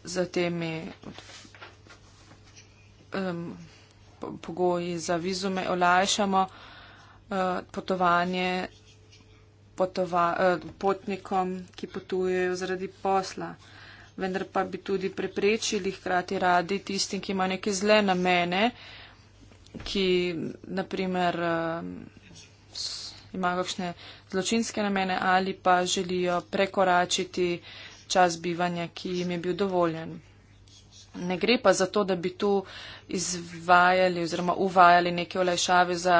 za temi um, pogoji za vizume, olajšamo uh, potovanje potova, uh, potnikom, ki potujejo zaradi posla. Vendar pa bi tudi preprečili hkrati radi tistim, ki ima neke zle namene, ki naprimer. Uh, ima kakšne zločinske namene ali pa želijo prekoračiti čas bivanja, ki jim je bil dovoljen. Ne gre pa za to, da bi tu izvajali oziroma uvajali neke olajšave za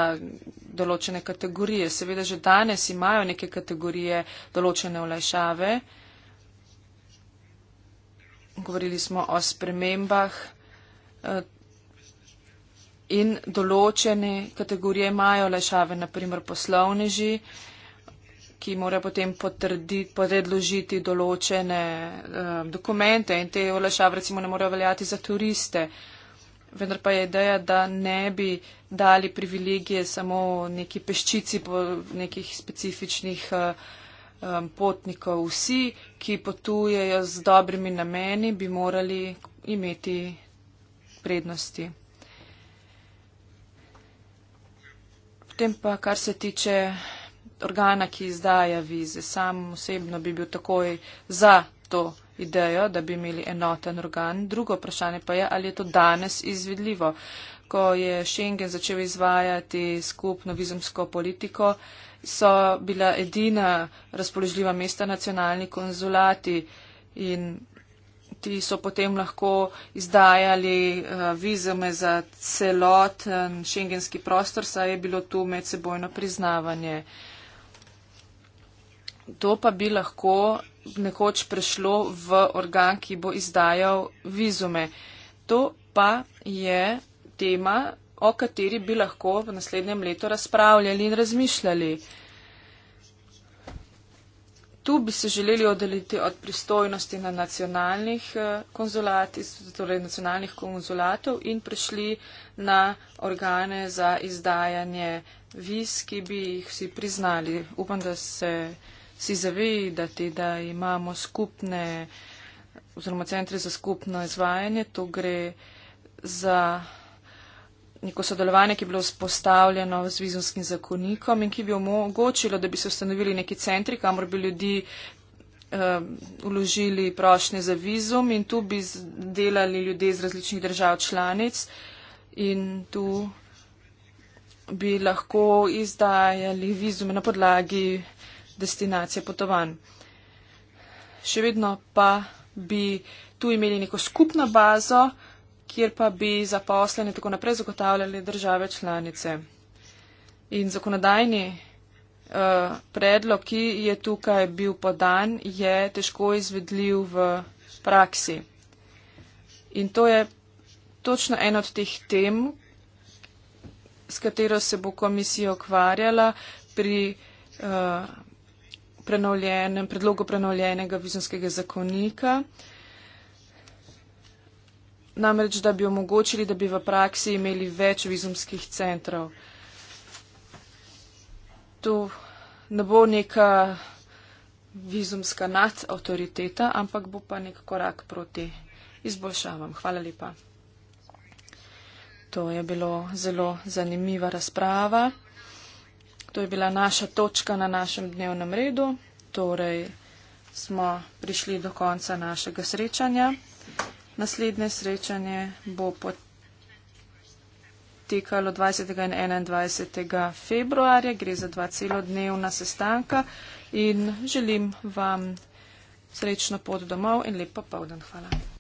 določene kategorije. Seveda že danes imajo neke kategorije določene olajšave. Govorili smo o spremembah eh, in določene kategorije imajo lešave, naprimer poslovneži, ki morajo potem predložiti določene uh, dokumente in te lešave recimo ne morejo veljati za turiste. Vendar pa je ideja, da ne bi dali privilegije samo neki peščici po nekih specifičnih um, potnikov. Vsi, ki potujejo z dobrimi nameni, bi morali imeti prednosti. Potem pa, kar se tiče organa, ki izdaja vize, sam osebno bi bil takoj za to idejo, da bi imeli enoten organ. Drugo vprašanje pa je, ali je to danes izvedljivo. Ko je Schengen začel izvajati skupno vizumsko politiko, so bila edina razpoložljiva mesta nacionalni konzulati in ti so potem lahko izdajali eh, vizume za celoten šengenski prostor, saj je bilo tu medsebojno priznavanje. To pa bi lahko nekoč prešlo v organ, ki bo izdajal vizume. To pa je tema, o kateri bi lahko v naslednjem letu razpravljali in razmišljali. Tu bi se želeli oddaliti od pristojnosti na nacionalnih eh, konzulatih, torej nacionalnih konzulatov in prišli na organe za izdajanje viz, ki bi jih vsi priznali. Upam, da se si zavedati, da imamo skupne oziroma centre za skupno izvajanje. To gre za neko sodelovanje, ki je bilo vzpostavljeno z vizumskim zakonikom in ki bi omogočilo, da bi se ustanovili neki centri, kamor bi ljudi uložili eh, prošnje za vizum in tu bi delali ljudje iz različnih držav članic in tu bi lahko izdajali vizume na podlagi destinacije potovanj. Še vedno pa bi tu imeli neko skupno bazo, kjer pa bi zaposleni tako naprej zagotavljali države članice. In zakonodajni uh, predlog, ki je tukaj bil podan, je težko izvedljiv v praksi. In to je točno en od teh tem, s katero se bo komisija okvarjala pri uh, prenovljenem, predlogu prenovljenega vizumskega zakonika. Uh, namreč, da bi omogočili, da bi v praksi imeli več vizumskih centrov. To ne bo neka vizumska nadautoriteta, ampak bo pa nek korak proti izboljšavam. Hvala lepa. To je bilo zelo zanimiva razprava. To je bila naša točka na našem dnevnem redu. Torej smo prišli do konca našega srečanja. Naslednje srečanje bo potekalo 20. in 21. februarja. Gre za dva celodnevna sestanka in želim vam srečno pot domov in lepo povdan. Hvala.